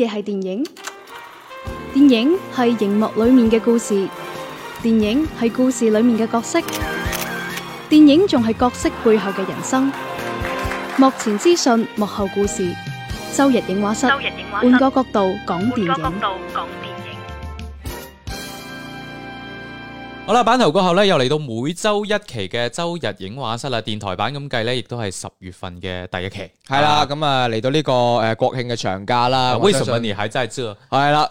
電影係電影，電影係熒幕裏面嘅故事，電影係故事裏面嘅角色，電影仲係角色背後嘅人生。幕前資訊，幕後故事，周日映畫室，換個角度講電影。好啦，版頭過後咧，又嚟到每周一期嘅周日映畫室啦。電台版咁計咧，亦都係十月份嘅第一期。係啦，咁啊嚟到呢個誒國慶嘅長假啦。為什麼你還在這？係啦，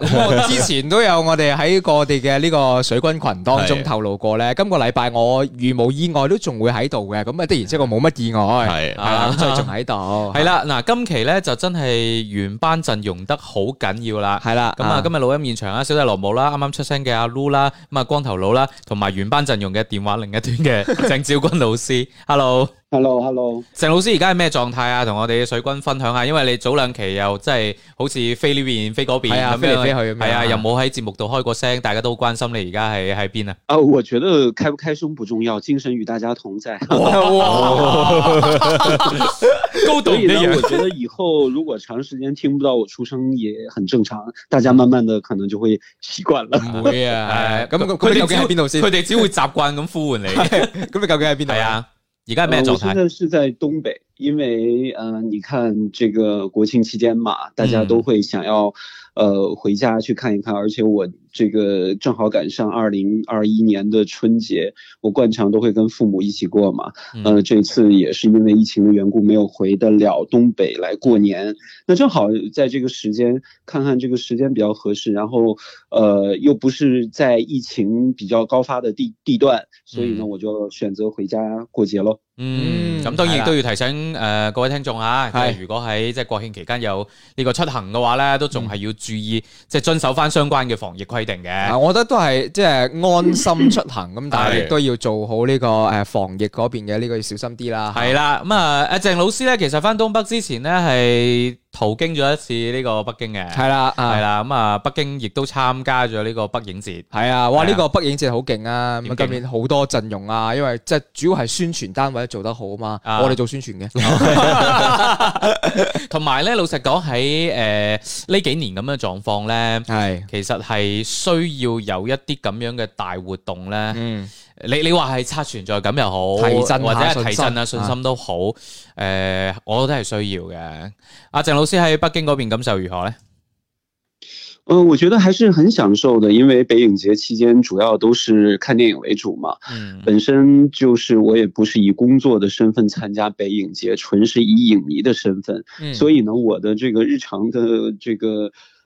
之前都有我哋喺我哋嘅呢個水軍群當中透露過咧。今個禮拜我預冇意外都仲會喺度嘅。咁啊，的然之我冇乜意外，係係啦，再仲喺度。係啦，嗱，今期咧就真係原班陣容得好緊要啦。係啦，咁啊，今日錄音現場啦，小弟羅姆啦，啱啱出聲嘅阿 Lulu 啦，咁啊，光頭佬啦。同埋原班陣容嘅電話另一端嘅鄭兆君老師 ，hello。hello hello，鄭老師而家係咩狀態啊？同我哋水軍分享下，因為你早兩期又即係好似飛呢邊飛嗰邊，係啊，飛嚟飛去，係啊，又冇喺節目度開過聲，大家都好關心你而家係喺邊啊！啊，我覺得開唔開心唔重要，精神與大家同在。所以呢，我覺得以後如果長時間聽唔到我出聲，也很正常，大家慢慢的可能就會習慣啦。唔會啊，咁佢哋究竟喺邊度先？佢哋 只會習慣咁呼喚你。咁 你究竟喺邊度啊？ 呃、我現在是在東北，因為，嗯、呃，你看，這個國慶期間嘛，大家都會想要，嗯、呃，回家去看一看，而且我，這個正好趕上二零二一年的春節，我慣常都會跟父母一起過嘛。嗯、呃，這次也是因為疫情的緣故，沒有回得了東北來過年。那正好在這個時間，看看這個時間比較合適，然後，呃，又不是在疫情比較高發的地地段，所以呢，我就選擇回家過節咯。嗯，咁當然都要提醒誒的、呃，各位聽眾啊，如果喺即係國慶期間有呢個出行嘅話呢，都仲係要注意，即係遵守翻相關嘅防疫規。規定嘅，我覺得都係即係安心出行咁，但係亦都要做好呢個誒防疫嗰邊嘅呢、呢個要小心啲啦。係啦，咁啊，阿鄭老師咧，其實翻東北之前咧係。途經咗一次呢個北京嘅，係啦，係啦，咁啊，北京亦都參加咗呢個北影節，係啊，哇，呢個北影節好勁啊，咁今年好多陣容啊，因為即係主要係宣傳單位做得好啊嘛，啊我哋做宣傳嘅，同埋咧，老實講喺誒呢幾年咁嘅狀況咧，係是的 其實係需要有一啲咁樣嘅大活動咧，嗯。你你話係刷存在感又好，或者提振啊信心，信心都好，誒、呃，我都係需要嘅。阿鄭老師喺北京嗰邊感受如何咧？嗯，我覺得還是很享受嘅，因為北影節期間主要都是看電影為主嘛。嗯，本身就是我也不是以工作的身份參加北影節，純是以影迷嘅身份，嗯、所以呢，我嘅這個日常嘅。這個。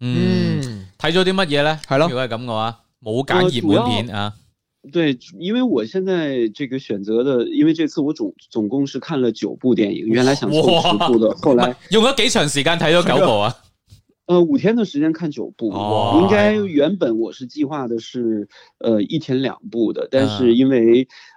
嗯，睇咗啲乜嘢咧？係對咯，如果係咁嘅話，冇揀熱門片啊。對，因為我現在這個選擇的，因為這次我總總共是看了九部電影，原來想做十部的，哇後來用咗幾長時間睇咗九部啊？呃，五天的時間看九部，哦，應該原本我是計劃的是，呃，一天兩部的，但是因為，嗯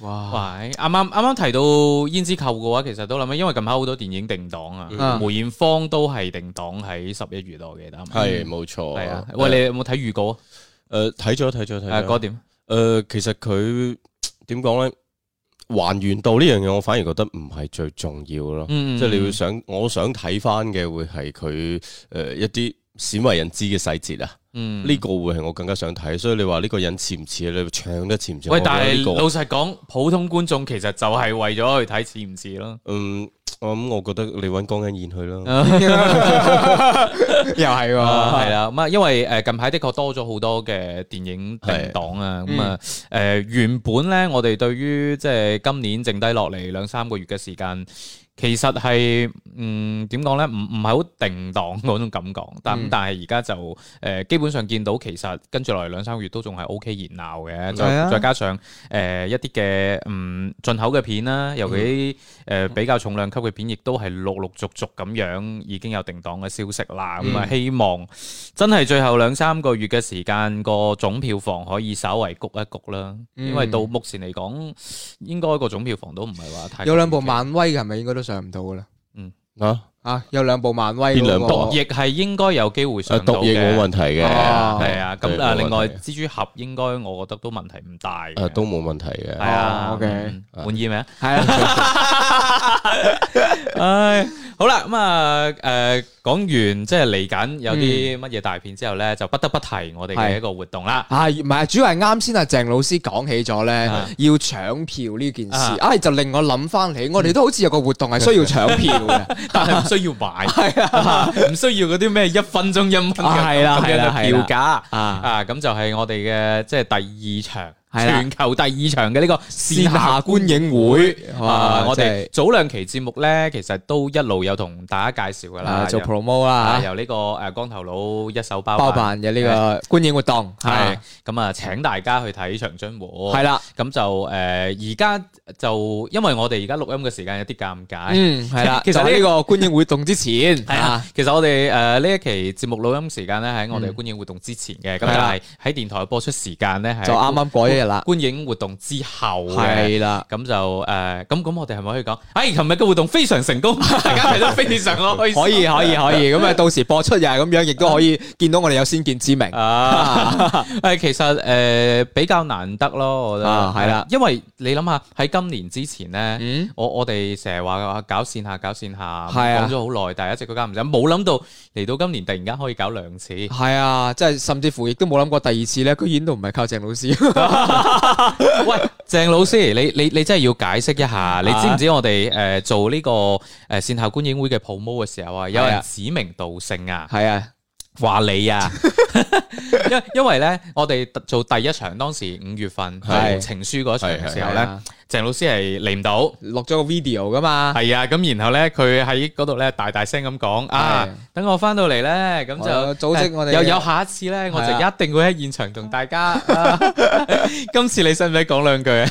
哇！啱啱啱啱提到《胭脂扣》嘅話，其實都諗起，因為近排好多電影定檔啊，梅艷芳都係定檔喺十一月度嘅，係冇錯。係啊，喂，你有冇睇預告、嗯呃、啊？誒，睇咗睇咗睇。啊，嗰點？誒、呃，其實佢點講咧？還原到呢樣嘢，我反而覺得唔係最重要咯。嗯嗯、即係你會想，我想睇翻嘅會係佢誒一啲。鮮為人知嘅細節啊，呢、嗯、個會係我更加想睇，所以你話呢個人似唔似你唱得似唔似？喂，這個、但係老實講，普通觀眾其實就係為咗去睇似唔似咯。嗯，咁我諗，我覺得你搵江欣燕去咯，又係喎，係啦，咁啊，因為誒近排的確多咗好多嘅電影定檔啊，咁、嗯嗯、啊、誒、呃、原本咧我哋對於即係今年剩低落嚟兩三個月嘅時間。其實係嗯點講呢？唔唔係好定檔嗰種感覺，嗯、但但係而家就誒、呃、基本上見到其實跟住落來兩三個月都仲係 O K 熱鬧嘅，嗯，再再加上誒、呃、一啲嘅嗯進口嘅片啦，尤其、呃、比較重量級嘅片，亦都係陸陸續續咁樣已經有定檔嘅消息啦。咁、嗯、啊、嗯、希望真係最後兩三個月嘅時間個總票房可以稍為谷一谷啦，因為到目前嚟講應該個總票房都唔係話太有兩部漫威嘅係咪應該都？上唔到噶啦，嗯，啊。啊，有兩部漫威，亦係應該有機會上到嘅。毒液冇問題嘅，係啊。咁啊，另外蜘蛛俠應該我覺得都問題唔大啊，都冇問題嘅。係啊，OK，滿意咩？係啊。唉，好啦，咁啊，誒，講完即係嚟緊有啲乜嘢大片之後咧，就不得不提我哋嘅一個活動啦。啊，唔係，主要係啱先阿鄭老師講起咗咧，要搶票呢件事，唉，就令我諗翻起，我哋都好似有個活動係需要搶票嘅，但係。需要買係唔吧 需要嗰啲咩一分鐘一分鐘嘅？係啦係啦係啦，調價啊咁、啊啊啊、就係我哋嘅即係第二場。全球第二場嘅呢個線下觀影會，啊，我哋早兩期節目咧，其實都一路有同大家介紹噶啦，做 promo 啦，由呢個誒光頭佬一手包辦嘅呢個觀影活動，係咁啊，請大家去睇《長津湖》。係啦，咁就誒而家就因為我哋而家錄音嘅時間有啲尷尬，嗯，係啦。其實呢個觀影活動之前，係啊，其實我哋誒呢一期節目錄音時間咧，喺我哋觀影活動之前嘅，咁係喺電台播出時間咧，係就啱啱啦，觀影活動之後係啦，咁的就誒，咁、呃、咁我哋係咪可以講，哎，琴日嘅活動非常成功，係咯，非常 可以，可以，可以，咁啊，到時播出又係咁樣，亦都可以見到我哋有先見之明 啊。誒，其實誒、呃、比較難得咯，我覺得係啦，啊、因為你諗下喺今年之前咧、嗯，我我哋成日話搞線下，搞線下，講咗好耐，但係一直都搞唔成，冇諗到嚟到今年突然間可以搞兩次，係啊，即係甚至乎亦都冇諗過第二次咧，居然都唔係靠鄭老師。 喂，鄭老師，你你你真係要解釋一下，的你知唔知我哋誒、呃、做呢個誒線下觀影會嘅 promo 嘅時候啊，有人指名道姓啊？係啊的。話你啊，因 因為咧，我哋做第一場，當時五月份係情書嗰場嘅時候咧，鄭老師係嚟唔到，錄咗個 video 噶嘛。係啊，咁然後咧，佢喺嗰度咧，大大聲咁講啊，等我翻到嚟咧，咁就組織我哋。又有下一次咧，我就一定會喺現場同大家。是的 今次你使唔使講兩句啊？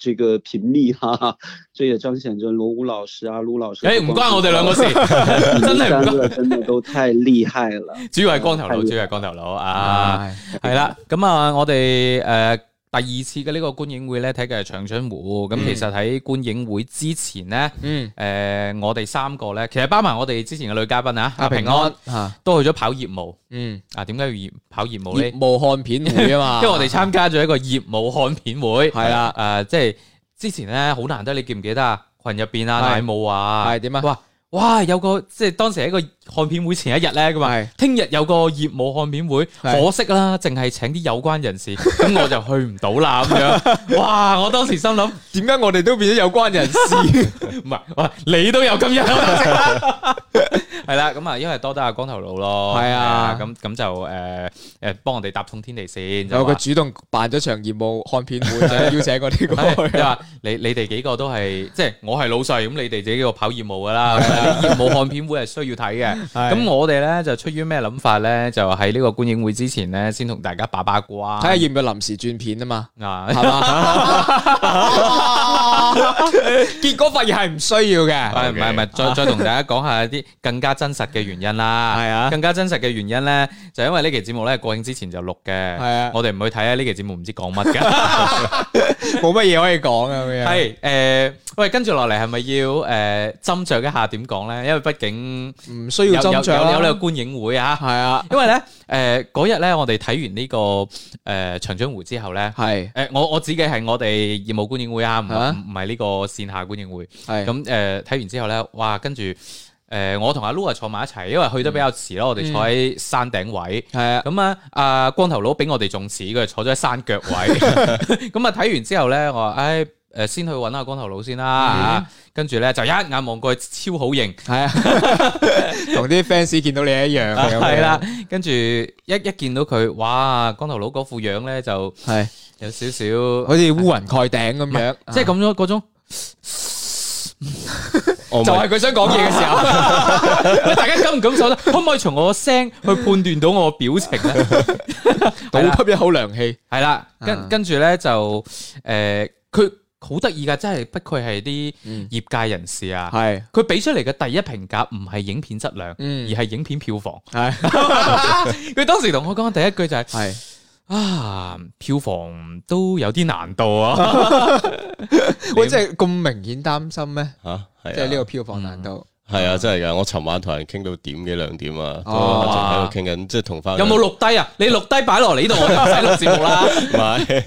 這個頻率，哈，哈，這也彰顯着羅武老師啊，盧老師。誒、欸，唔關我哋兩個事， 個真係唔關，真係都太厲害了。主要係光頭佬，呃、主要係光頭佬啊，係啦。咁啊，我哋誒。呃第二次嘅呢個觀影會咧，睇嘅係長津湖。咁、嗯、其實喺觀影會之前咧，誒、嗯呃、我哋三個咧，其實包埋我哋之前嘅女嘉賓啊，阿、啊、平安嚇、啊、都去咗跑業務。嗯，啊點解要跑業務咧？業務看片會啊嘛， 因為我哋參加咗一個業務看片會。係啦、啊，誒、啊、即係之前咧好難得，你記唔記得啊？群入邊啊，大慕啊，係點啊？哇哇有個即係當時係一個。看片會前一日咧，咁啊，聽日有個業務看片會，可惜啦，淨係請啲有關人士，咁我就去唔到啦，咁樣，哇！我當時心諗，點解我哋都變咗有關人士？唔係，你都有今日，係啦，咁啊，因為多得阿光頭佬咯，係啊，咁咁就誒誒，幫我哋搭通天地線，然後佢主動辦咗場業務看片會，邀請我哋過去，你你哋幾個都係，即係我係老細，咁你哋自己個跑業務噶啦，業務看片會係需要睇嘅。咁我哋咧就出於咩諗法咧？就喺呢個觀影會之前咧，先同大家把把關，睇下要唔要臨時轉片啊嘛。啊 吧，係嘛。啊！ 結果發現係唔需要嘅，唔係唔係，再再同大家講下啲更加真實嘅原因啦，係啊，更加真實嘅原因咧，就因為期節呢期節目咧過慶之前就錄嘅，係啊，我哋唔去睇下呢期節目唔知講乜嘅，冇乜嘢可以講啊，係誒、嗯呃，喂，跟住落嚟係咪要誒斟酌一下點講咧？因為畢竟唔需要斟酌啦，有，有，有，有，有個觀影會啊，係啊， 因為咧。誒，嗰日咧，我哋睇完呢、這個誒、呃、長津湖之後咧，係誒是、呃、我我指嘅係我哋業務觀影會啊，唔唔係呢個線下觀影會。係咁誒，睇、呃、完之後咧，哇，呃、跟住誒我同阿 l u o 啊坐埋一齊，因為去得比較遲咯，嗯、我哋坐喺山頂位。係啊，咁啊阿光頭佬比我哋仲遲，佢坐咗喺山腳位。咁啊睇完之後咧，我話，誒。誒，先去揾阿光頭佬先啦吓，跟住咧就一眼望過去，超好型，係啊，同啲 fans 見到你一樣啊，係啦，跟住一一見到佢，哇，光頭佬嗰副樣咧就係有少少好似烏雲蓋頂咁樣，即係咁樣嗰種，就係佢想講嘢嘅時候，大家感唔感受得？可唔可以從我個聲去判斷到我表情咧？倒吸一口涼氣，係啦，跟跟住咧就誒，佢。好得意噶，真係不愧係啲業界人士啊！係佢俾出嚟嘅第一評價，唔係影片質量，嗯、而係影片票房。係佢是 當時同我講第一句就係、是：係是啊，票房都有啲難度啊！ 你我真係咁明顯擔心咩？吓、啊，即係呢個票房難度。嗯係啊，真係噶！我尋晚同人傾到點幾兩點啊，都仲喺度傾緊，即係同翻。有冇錄低啊？你錄低擺落嚟呢度，我使錄節目啦。唔係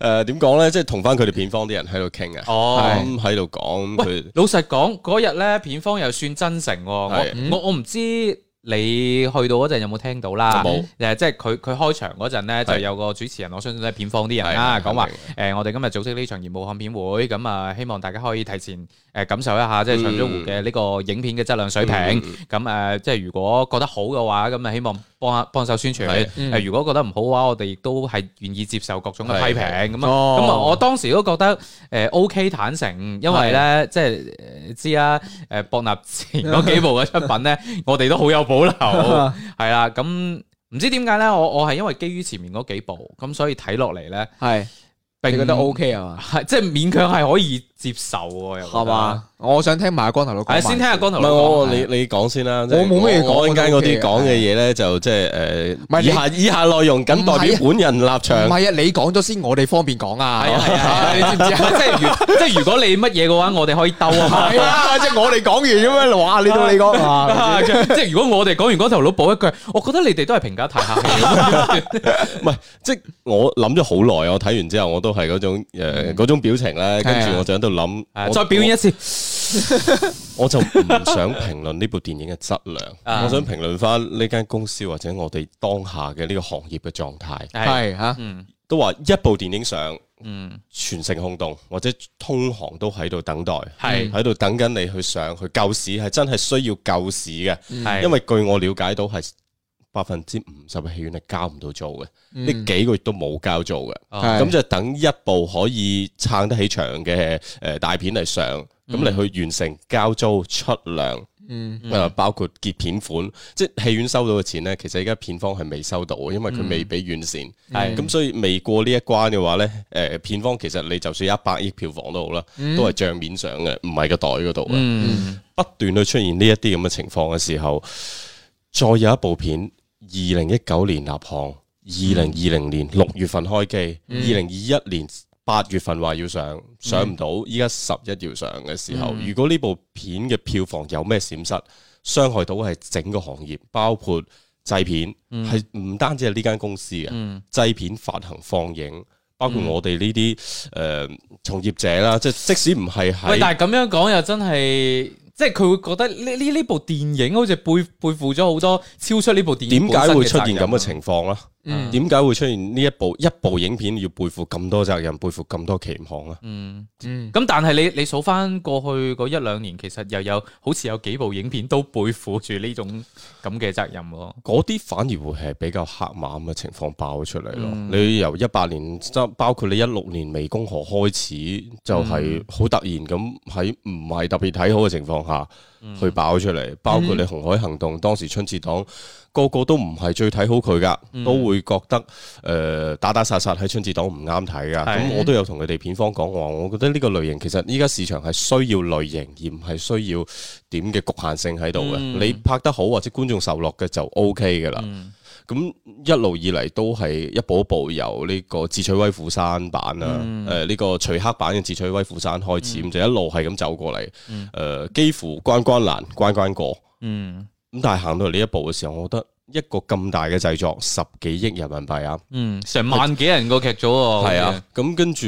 誒，點講咧？即係同翻佢哋片方啲人喺度傾啊。哦，喺度講。的聊喂，佢老實講，嗰日咧片方又算真誠喎的。我我我唔知。你去到嗰陣有冇聽到啦？冇誒，即係佢佢開場嗰陣咧，就有個主持人，我相信係片方啲人啦，講話誒，我哋今日組織呢場業務看片會，咁啊，希望大家可以提前誒感受一下即係長津湖嘅呢個影片嘅質量水平。咁誒，即係如果覺得好嘅話，咁啊希望幫下幫手宣傳嘅。誒，如果覺得唔好嘅話，我哋亦都係願意接受各種嘅批評。咁啊，咁啊，我當時都覺得誒 OK 坦誠，因為咧即係知啊誒博納前嗰幾部嘅出品咧，我哋都好有保留係啦，咁唔知點解呢？我我係因為基於前面嗰幾部，咁所以睇落嚟呢，係你覺得 OK 啊嘛？即係勉強係可以。接受喎，係嘛？我想聽埋光頭佬，係先聽下光頭佬。唔係你你講先啦，我冇咩嘢講。而家嗰啲講嘅嘢咧，就即係誒，以下以下內容僅代表本人立場。唔係啊，你講咗先，我哋方便講啊。係啊，你知唔知即係如果你乜嘢嘅話，我哋可以鬥啊。係啊，即係我哋講完咁樣，哇！你到你講即係如果我哋講完，光頭佬補一句，我覺得你哋都係評價太客氣。唔係，即係我諗咗好耐。我睇完之後，我都係嗰種誒嗰種表情咧，跟住我想。就諗，我再表演一次，我,我,我就唔想評論呢部電影嘅質量。 我想評論翻呢間公司或者我哋當下嘅呢個行業嘅狀態係吓，是都話一部電影上，嗯，全城轟動或者同行都喺度等待，係喺度等緊你去上，去救市係真係需要救市嘅，是因為據我了解到係。百分之五十嘅戲院係交唔到租嘅，呢、嗯、幾個月都冇交租嘅，咁是就等一部可以撐得起場嘅誒大片嚟上，咁你、嗯、去完成交租出糧，誒、嗯嗯、包括結片款，嗯嗯、即係戲院收到嘅錢呢，其實而家片方係未收到嘅，因為佢未俾院線，係咁、嗯嗯、所以未過呢一關嘅話呢，誒、呃、片方其實你就算一百億票房好、嗯、都好啦，都係賬面上嘅，唔係個袋嗰度嘅，不斷去出現呢一啲咁嘅情況嘅時候，再有一部片。二零一九年立項，二零二零年六月份開機，二零二一年八月份話要上，上唔到，依家，十一要上嘅時候，嗯、如果呢部片嘅票房有咩閃失，傷害到係整個行業，包括製片係唔、嗯、單止係呢間公司嘅，製、嗯、片發行放映，包括我哋呢啲誒從業者啦，即、就、係、是、即使唔係係，喂，但係咁樣講又真係。即係佢會覺得呢呢呢部電影好似背背負咗好多超出呢部電影，點解會出現咁嘅情況啦？點解、嗯、會出現呢一部一部影片要背負咁多責任，背負咁多期望啊、嗯？嗯嗯，咁但係你你數翻過去嗰一兩年，其實又有好似有幾部影片都背負住呢種咁嘅責任，嗰啲反而會係比較黑馬咁嘅情況爆出嚟咯。嗯、你由一八年，包括你一六年湄公河開始，就係、是、好突然咁喺唔係特別睇好嘅情況下。嗯、去爆出嚟，包括你紅海行動，嗯、當時春節檔個個都唔係最睇好佢噶，嗯、都會覺得誒、呃、打打殺殺喺春節檔唔啱睇噶。咁、嗯、我都有同佢哋片方講話，我覺得呢個類型其實依家市場係需要類型，而唔係需要點嘅局限性喺度嘅。嗯、你拍得好或者觀眾受落嘅就 OK 噶啦。嗯嗯咁一路以嚟都係一步一步由呢個智取威虎山版啊，誒呢、嗯呃這個徐克版嘅智取威虎山開始，咁、嗯、就一路係咁走過嚟，誒、嗯呃、幾乎關關難關關，關過，咁、嗯、但係行到嚟呢一步嘅時候，我覺得一個咁大嘅製作，十幾億人民幣啊，成、嗯、萬幾人個劇組，係啊，咁是跟住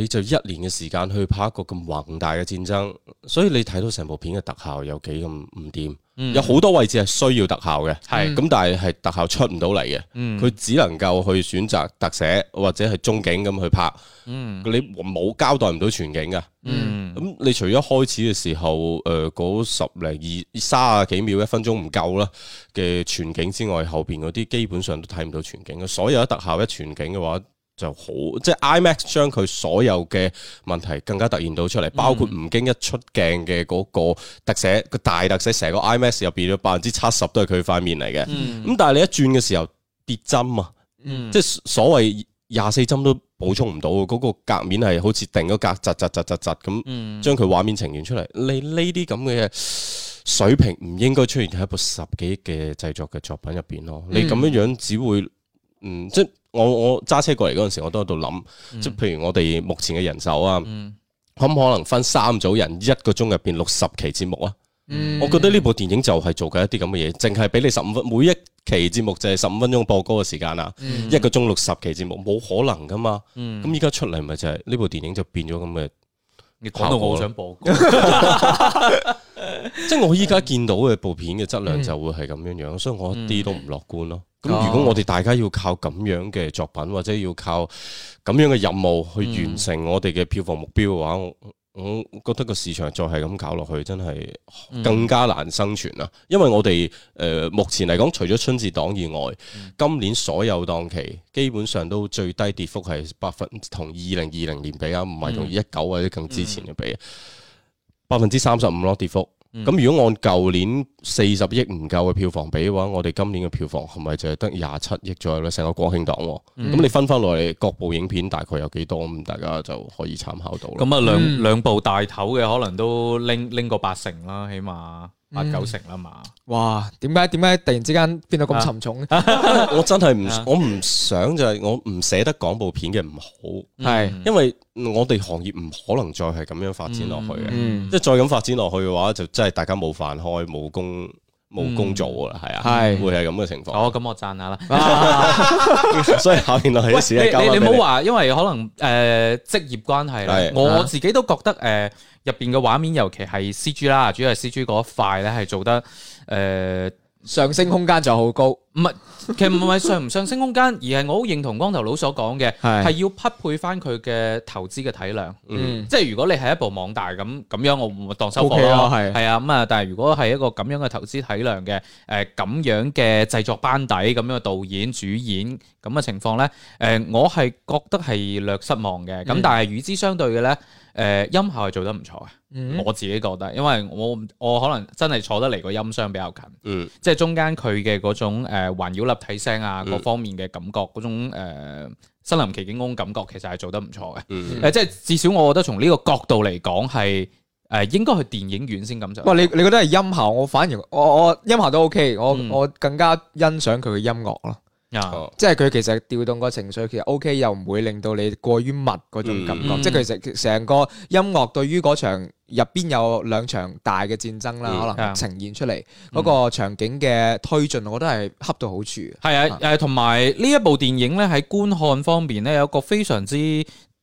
你就一年嘅時間去拍一個咁宏大嘅戰爭，所以你睇到成部片嘅特效有幾咁唔掂。有好多位置係需要特效嘅，係咁的但係係特效出唔到嚟嘅，佢、嗯、只能夠去選擇特寫或者係中景咁去拍。嗯、你冇交代唔到全景嘅，咁、嗯、你除咗開始嘅時候，誒、呃、嗰十零二三十幾秒一分鐘唔夠啦嘅全景之外，後邊嗰啲基本上都睇唔到全景嘅。所有特效一全景嘅話。就好，即係 IMAX 將佢所有嘅問題更加突現到出嚟。嗯、包括吳京一出鏡嘅嗰個特寫，個大特寫成個 IMAX 入邊有百分之七十都係佢塊面嚟嘅。咁、嗯、但係你一轉嘅時候，跌針啊，嗯、即係所謂廿四針都補充唔到，嗰、嗰個格面係好似定咗格，窒窒窒窒窒，咁，將佢畫面呈現出嚟。你呢啲咁嘅水平唔應該出現喺一部十幾億嘅製作嘅作品入邊咯。嗯、你咁樣樣只會，嗯，即我我揸車過嚟嗰陣時，我都喺度諗，即係譬如我哋目前嘅人手啊，嗯、可唔可能分三組人一個鐘入邊六十期節目啊？嗯、我覺得呢部電影就係做緊一啲咁嘅嘢，淨係俾你十五分，每一期節目就係十五分鐘播歌嘅時間啦。一個鐘六十期節目，冇可能噶嘛。咁依家出嚟咪就係呢部電影就變咗咁嘅，你講到我想播，即係我依家見到嘅部片嘅質量就會係咁樣樣，嗯、所以我一啲都唔樂觀咯。咁如果我哋大家要靠咁樣嘅作品或者要靠咁樣嘅任務去完成我哋嘅票房目標嘅話，嗯、我覺得個市場再係咁搞落去，真係更加難生存啦。嗯、因為我哋誒、呃、目前嚟講，除咗春節檔以外，嗯、今年所有檔期基本上都最低跌幅係百分同二零二零年比啊，唔係同一九或者更之前嘅比，百分之三十五咯跌幅。咁、嗯、如果按舊年四十億唔夠嘅票房比嘅話，我哋今年嘅票房係咪就係得廿七億左右咧？成個國慶檔、啊，咁、嗯、你分翻落嚟各部影片大概有幾多？咁大家就可以參考到。咁啊、嗯，兩兩部大頭嘅可能都拎拎個八成啦，起碼。八九成吖嘛，哇！點解點解突然之間變到咁沉重咧？我真係唔，我唔想就係我唔捨得講部片嘅唔好，係，因為我哋行業唔可能再係咁樣發展落去嘅，即係再咁發展落去嘅話，就真係大家冇飯開，冇工，冇工做噶啦，係啊，係會係咁嘅情況。哦，咁我讚下啦，所以考驗落係一時。你你唔好話，因為可能誒職業關係我自己都覺得誒。入邊嘅畫面，尤其係 CG 啦，主要係 CG 嗰一塊咧，係做得誒、呃、上升空間就好高。唔係，其實唔係上唔上升空間， 而係我好認同光頭佬所講嘅，係是要匹配翻佢嘅投資嘅體量。嗯，即係如果你係一部網大咁咁樣，我唔會當收貨咯。係係啊，咁啊，但係如果係一個咁樣嘅投資體量嘅，誒、呃、咁樣嘅製作班底，咁樣嘅導演主演咁嘅情況咧，誒、呃、我係覺得係略失望嘅。咁但係與之相對嘅咧。呢呢誒、呃、音效係做得唔錯嘅，mm hmm. 我自己覺得，因為我我可能真係坐得嚟個音箱比較近，mm hmm. 即係中間佢嘅嗰種誒、呃、環繞立體聲啊，mm hmm. 各方面嘅感覺嗰種誒身臨其境嗰種感覺其實係做得唔錯嘅。即係、mm hmm. 呃、至少我覺得從呢個角度嚟講係誒應該去電影院先感受、mm。喂、hmm，你你覺得係音效？我反而我我音效都 OK，我我，我更加欣賞佢嘅音樂咯。嗯、即係佢其實調動個情緒，其實 O、OK, K 又唔會令到你過於密嗰種感覺，嗯、即係其實成個音樂對於嗰場入邊有兩場大嘅戰爭啦，嗯、可能呈現出嚟嗰、嗯、個場景嘅推進，我覺得係恰到好處。係、嗯、啊，同埋呢一部電影呢，喺觀看方面呢，有一個非常之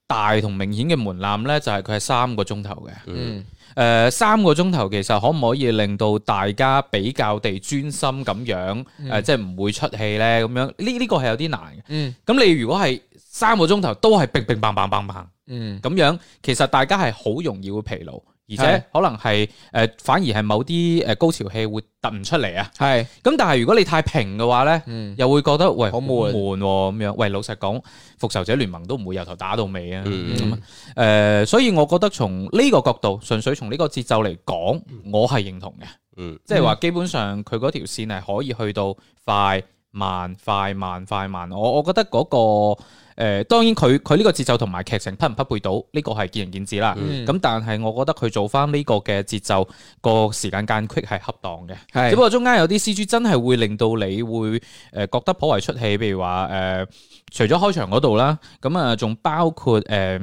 大同明顯嘅門檻呢就係佢係三個鐘頭嘅。嗯嗯誒、呃、三個鐘頭其實可唔可以令到大家比較地專心咁樣？誒、嗯呃、即係唔會出戲呢？咁樣。呢呢個係有啲難嘅。嗯。咁你如果係三個鐘頭都係乒乒乓棒棒棒嗯，咁樣其實大家係好容易會疲勞。而且可能係誒、呃，反而係某啲誒高潮戲會突唔出嚟啊！係咁是，但係如果你太平嘅話咧，嗯、又會覺得喂好悶悶咁樣。嗯、喂，啊、喂，老實講，《復仇者聯盟》都唔會由頭打到尾啊！咁誒，所以我覺得從呢個角度，純粹從呢個節奏嚟講，我係認同嘅。嗯，即係話基本上佢嗰條線係可以去到快慢快慢快慢。我我覺得嗰、嗰個。誒當然佢佢呢個節奏同埋劇情匹唔匹配到，呢個係見仁見智啦。咁、嗯、但係我覺得佢做翻呢個嘅節奏個時間間隙係恰當嘅。是 只不過中間有啲 C G 真係會令到你會誒覺得頗為出戲，譬如話誒、呃，除咗開場嗰度啦，咁啊仲包括誒、呃、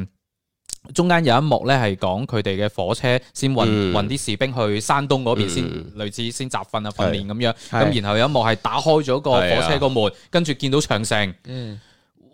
中間有一幕咧係講佢哋嘅火車先運運啲士兵去山東嗰邊先，嗯、類似先集訓啊訓練咁樣。咁然後有一幕係打開咗個火車個門，是啊、跟住見到長城。嗯嗯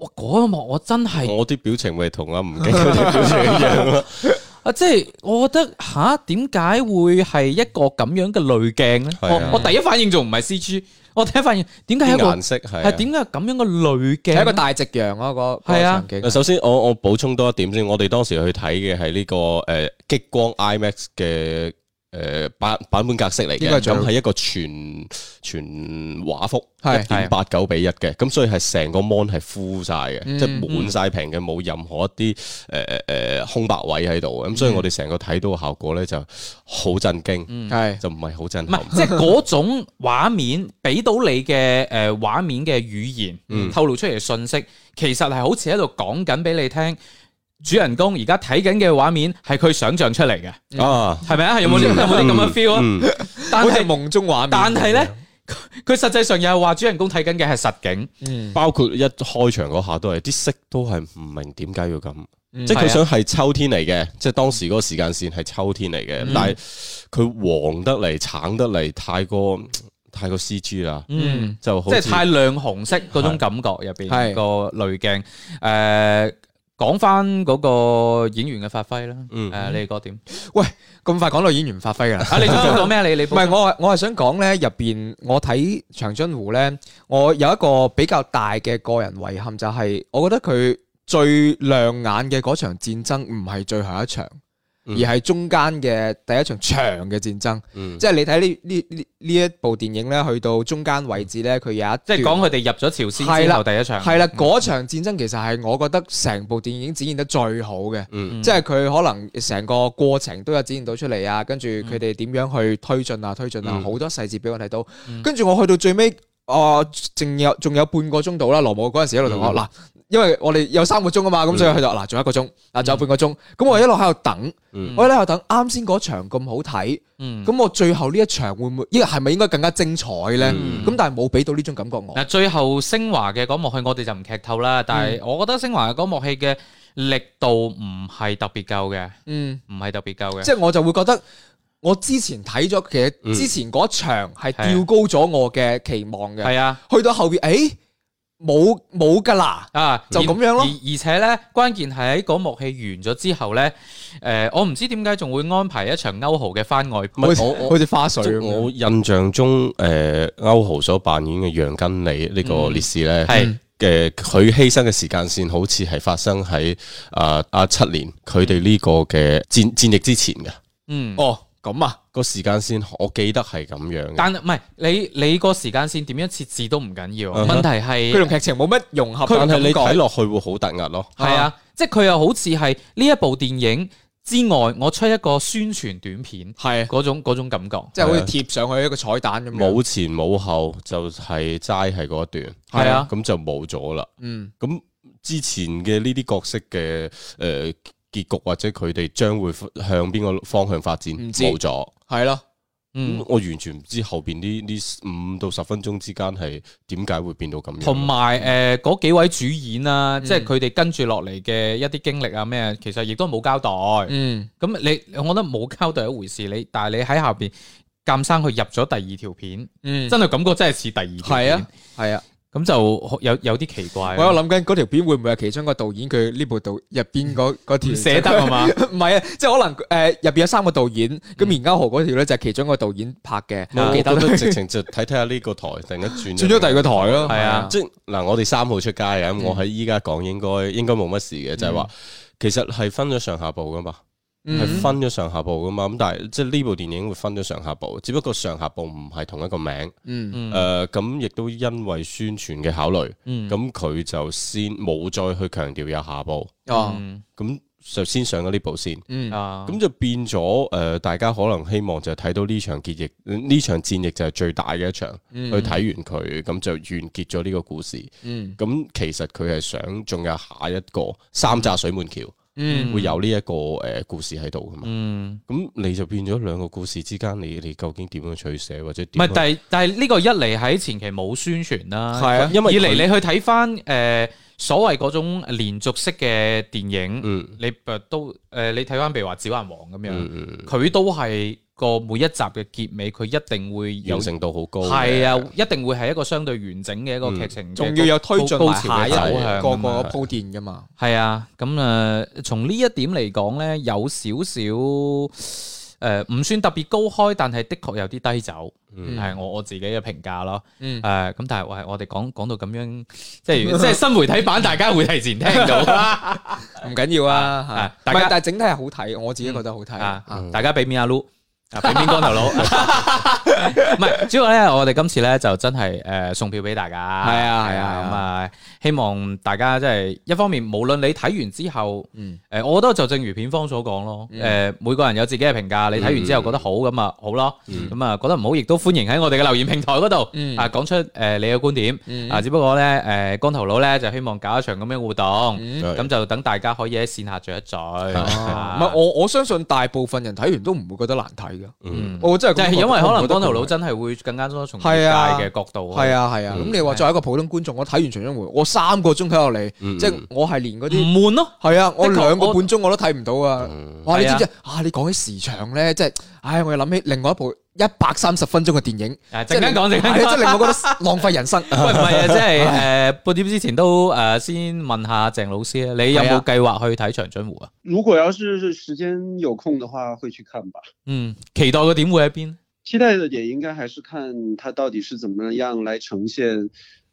我嗰一幕我真係，我啲表情咪同阿吳京嗰啲表情一樣啊！即係我覺得吓，點解會係一個咁樣嘅濾鏡咧？我我第一反應仲唔係 CG，我第一反應點解係一個顏色係，係點解咁樣嘅濾鏡？係一個大夕陽啊個係啊！首先我我補充多一點先，我哋當時去睇嘅係呢個誒激光 IMAX 嘅。誒，版、呃、版本格式嚟嘅，就係一個全全畫幅，係一點八九比一嘅，咁所以係成個 mon 係 full 晒嘅，嗯、即係滿晒屏嘅，冇、嗯、任何一啲誒誒空白位喺度，咁所以我哋成個睇到嘅效果咧就好震驚，係、嗯、就唔係好震撼，即係嗰種畫面俾到你嘅誒畫面嘅語言，嗯、透露出嚟嘅信息，其實係好似喺度講緊俾你聽。主人公而家睇緊嘅畫面係佢想象出嚟嘅，啊，係咪啊？有冇啲有冇啲咁嘅 feel 啊？但係夢中畫面，但係咧，佢實際上又係話主人公睇緊嘅係實景，嗯，包括一開場嗰下都係啲色都係唔明點解要咁，即係佢想係秋天嚟嘅，即係當時嗰個時間線係秋天嚟嘅，但係佢黃得嚟，橙得嚟，太過太過 CG 啦，嗯，就好即係太亮紅色嗰種感覺入邊個濾鏡，誒。講翻嗰個演員嘅發揮啦，誒、嗯啊，你哋覺得點？喂，咁快講到演員發揮啊！啊，你想講咩？你你，唔係我，係我係想講咧，入邊，我睇長津湖咧，我有一個比較大嘅個人遺憾，就係我覺得佢最亮眼嘅嗰場戰爭唔係最後一場。而係中間嘅第一場長嘅戰爭，嗯、即係你睇呢呢呢一部電影咧，去到中間位置咧，佢有一即係講佢哋入咗朝鮮之後第一場，係啦，嗰場戰爭其實係我覺得成部電影展現得最好嘅，嗯、即係佢可能成個過程都有展現到出嚟啊，跟住佢哋點樣去推進啊，啊，推進啊，好多細節俾我睇到。跟住、嗯、我去到最尾，啊、呃，仲有仲有半個鐘度啦，羅武嗰陣時一路同我嗱。嗯因為我哋有三個鐘啊嘛，咁所以去到嗱，仲一個鐘，啊，仲有半個鐘，咁我一路喺度等，我喺度等，啱先嗰場咁好睇，咁、嗯、我最後呢一場會唔會，依係咪應該更加精彩呢？咁、嗯、但係冇俾到呢種感覺我。嗱，最後升華嘅嗰幕戲我哋就唔劇透啦，但係我覺得升華嘅嗰幕戲嘅力度唔係特別夠嘅，嗯，唔係特別夠嘅，即係我就會覺得我之前睇咗，其實之前嗰場係調高咗我嘅期望嘅，係、嗯、啊，去到後邊誒。欸冇冇噶啦啊，就咁樣咯。而而且咧，關鍵係喺嗰幕戲完咗之後咧，誒、呃，我唔知點解仲會安排一場歐豪嘅番外，好似好似花絮。我印象中，誒、呃，歐豪所扮演嘅楊根李呢個烈士咧，係嘅、嗯，佢犧牲嘅時間線好似係發生喺啊啊七年，佢哋呢個嘅戰、嗯、戰役之前嘅。嗯，哦。咁啊，個時間線我記得係咁樣。但唔係你你個時間線點樣設置都唔緊要，uh huh. 問題係佢同劇情冇乜融合。但係你睇落去會好突兀咯。係啊，啊即係佢又好似係呢一部電影之外，我出一個宣傳短片、啊，係嗰種種,種感覺，啊、即係好似貼上去一個彩蛋咁。冇、啊、前冇後就係齋係嗰一段，係啊，咁、啊、就冇咗啦。嗯，咁、嗯、之前嘅呢啲角色嘅誒。呃嗯結局或者佢哋將會向邊個方向發展？冇咗，係咯助，的嗯，我完全唔知後邊呢呢五到十分鐘之間係點解會變到咁樣。同埋誒，嗰、呃、幾位主演啊，即係佢哋跟住落嚟嘅一啲經歷啊，咩，其實亦都冇交代。嗯，咁你，我覺得冇交代一回事。你，但係你喺下邊，鑒生佢入咗第二條片，嗯，真係感覺真係似第二條片，係啊、嗯，係啊。咁就有有啲奇怪，我有諗緊嗰條片會唔會係其中一個導演佢呢部導入邊嗰嗰條寫得係嘛？唔係啊，即係可能誒，入邊有三個導演，咁而家何嗰條咧就係其中一個導演拍嘅。記得，直情就睇睇下呢個台突然間轉，轉咗第二個台咯。係啊，即係嗱，我哋三號出街啊，我喺依家講應該應該冇乜事嘅，就係話其實係分咗上下部噶嘛。係、mm hmm. 分咗上下部㗎嘛？咁但係即係呢部電影會分咗上下部，只不過上下部唔係同一個名。嗯、mm，誒、hmm. 呃，咁亦都因為宣傳嘅考慮，咁佢、mm hmm. 就先冇再去強調有下部。哦、mm，咁、hmm. 就先上咗呢部先。嗯、mm，咁、hmm. 就變咗誒、呃，大家可能希望就睇到呢場戰役，呢場戰役就係最大嘅一場，mm hmm. 去睇完佢，咁就完結咗呢個故事。嗯、mm，咁、hmm. 其實佢係想仲有下一個三炸水門橋。Mm hmm. 嗯，會有呢一個誒故事喺度噶嘛？嗯，咁你就變咗兩個故事之間，你你究竟點樣取捨或者點樣？唔係，但係但係呢個一嚟喺前期冇宣傳啦、啊，係啊，因為二嚟你去睇翻誒所謂嗰種連續式嘅電影，嗯，你都誒、呃、你睇翻譬如話《指環王》咁樣，佢、嗯、都係。個每一集嘅結尾，佢一定會完成度好高。係啊，一定會係一個相對完整嘅一個劇情，仲要有推進埋、一個個鋪墊㗎嘛。係啊，咁誒，從呢一點嚟講咧，有少少誒，唔算特別高開，但係的確有啲低走，係我我自己嘅評價咯。誒，咁但係喂，我哋講講到咁樣，即係即係新媒體版，大家會提前聽到，唔緊要啊。係，唔係，但係整體係好睇，我自己覺得好睇。大家俾面阿 Luc。啊！偏偏光頭佬，唔係，主要咧，我哋今次咧就真係誒送票俾大家，係啊係啊，咁啊，希望大家即係一方面，無論你睇完之後，誒，我覺得就正如片方所講咯，誒，每個人有自己嘅評價，你睇完之後覺得好咁啊，好咯，咁啊，覺得唔好，亦都歡迎喺我哋嘅留言平台嗰度啊，講出誒你嘅觀點，啊，只不過咧，誒，光頭佬咧就希望搞一場咁嘅互動，咁就等大家可以喺線下聚一聚，唔係我我相信大部分人睇完都唔會覺得難睇。嗯，我真係覺得因為可能《光頭佬》真係會更加多從業界嘅角度，係啊係啊。咁你話作為一個普通觀眾，我睇完《長津湖》，我三個鐘睇落嚟，即係我係連嗰啲唔悶咯。係啊，我兩個半鐘我都睇唔到啊。哇，你知唔知啊？你講起時長咧，即係，唉，我又諗起另外一部。一百三十分鐘嘅電影，誒、啊，陣間講陣間，即係令，令我覺得浪費人生。 喂，唔係啊，即係誒，半、呃、點之前都誒、呃，先問下鄭老師啊， 你有冇計劃去睇長津湖啊？如果要是時間有空嘅話，會去看吧。嗯，期待嘅點會喺邊？期待嘅點應該還是看佢到底是怎麼樣來呈現。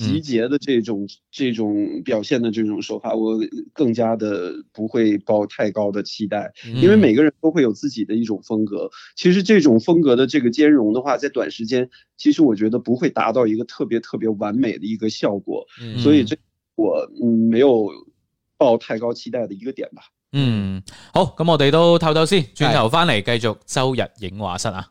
集結的這種這種表現的這種手法，我更加的不會抱太高的期待，因為每個人都會有自己的一種風格。其實這種風格的這個兼容的話，在短時間，其實我覺得不會達到一個特別特別完美的一個效果。嗯，所以這我沒有抱太高期待的一個點吧。嗯，好，咁我哋都透透先，轉頭返嚟繼續周日映畫室啊。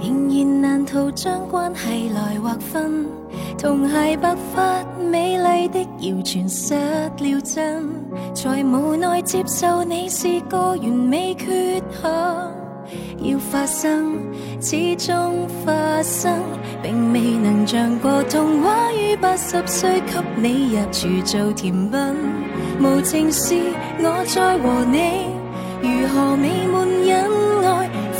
仍然難逃將關係來劃分，同偕白髮美麗的謠傳失了真，才無奈接受你是個完美缺陷，要發生，始終發生，並未能像個童話，於八十歲給你入廚做甜品，無情是我再和你如何美滿隱。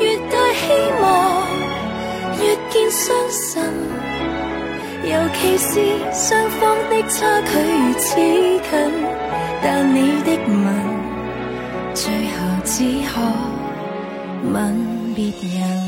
越大希望，越見傷心。尤其是雙方的差距如此近，但你的吻，最後只可吻別人。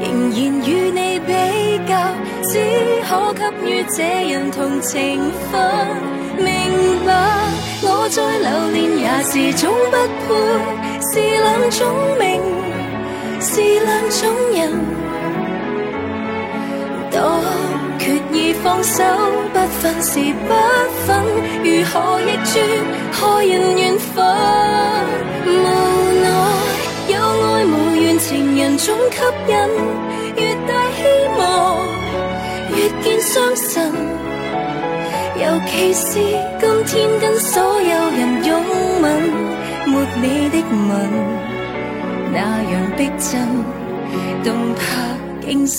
仍然與你比較，只可給予這人同情分。明白，我再留戀也是種不配，是兩種命，是兩種人。當決意放手，不忿是不忿，如何逆轉，害人緣分無奈。無緣情人總吸引，越大希望越見傷心。尤其是今天跟所有人擁吻，沒你的吻那樣逼真，動魄驚心。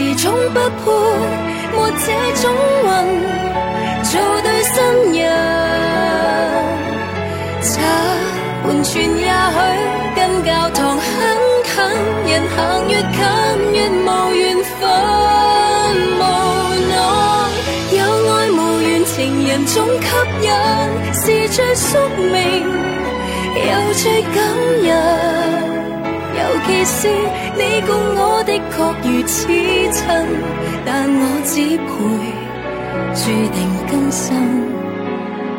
始終不配，沒這種運做對新人。茶碗泉，也許跟教堂很近，人行越近越，越無緣份。無奈有愛無緣，情人總吸引，是最宿命，又最感人。其實你共我，我的確如此親，但我只配注定今生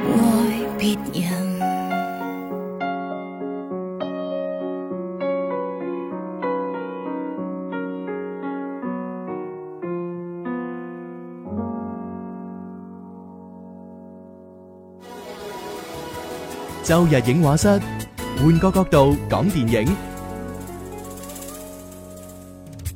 愛別人。周日映畫室，換個角度講電影。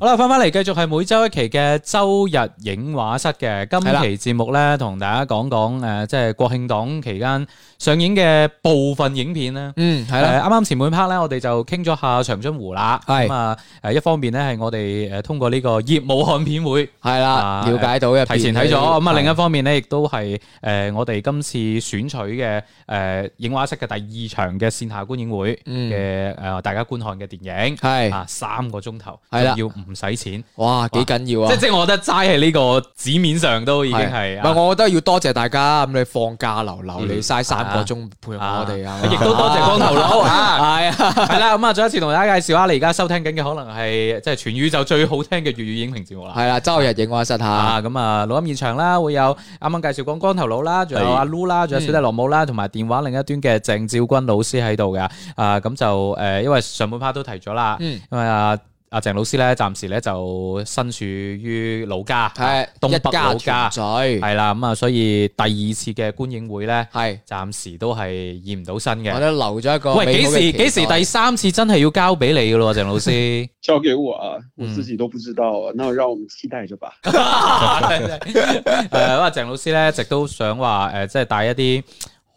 好啦，翻翻嚟，繼續係每周一期嘅周日影畫室嘅。今期節目咧，同大家講講誒，即係國慶檔期間上映嘅部分影片咧。嗯，係啦。啱啱前半 part 咧，我哋就傾咗下長津湖啦。係咁啊，誒，一方面咧係我哋誒通過呢個業務看片會係啦，了解到嘅，提前睇咗。咁啊，另一方面咧亦都係誒，我哋今次選取嘅誒影畫室嘅第二場嘅線下觀影會嘅誒，大家觀看嘅電影係啊，三個鐘頭係啦，要唔。唔使錢，哇！幾緊要啊！即即我覺得齋係呢個紙面上都已經係，但我覺得要多謝大家咁你放假流流，你嘥三個鐘陪下我哋啊！亦都多謝光頭佬啊！係啊！係啦！咁啊，再一次同大家介紹下你而家收聽緊嘅可能係即係全宇宙最好聽嘅粵語影評節目啦！係啦，周日映畫室下，咁啊，錄音現場啦，會有啱啱介紹講光頭佬啦，仲有阿 Loo 啦，仲有小弟羅姆啦，同埋電話另一端嘅鄭昭君老師喺度嘅。啊咁就誒，因為上半 part 都提咗啦，咁啊。阿鄭老師咧，暫時咧就身處於老家，係東北老家，係啦，咁啊，所以第二次嘅觀影會咧，係暫時都係驗唔到身嘅。我都留咗一個，喂，幾時幾時第三次真係要交俾你嘅咯，鄭老師？交 俾我啊，我自己都不知道，嗯、 那讓我們期待着吧。誒、 呃，我話鄭老師咧，一直都想話，誒、欸，即係帶一啲。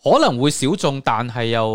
可能會小眾，但係又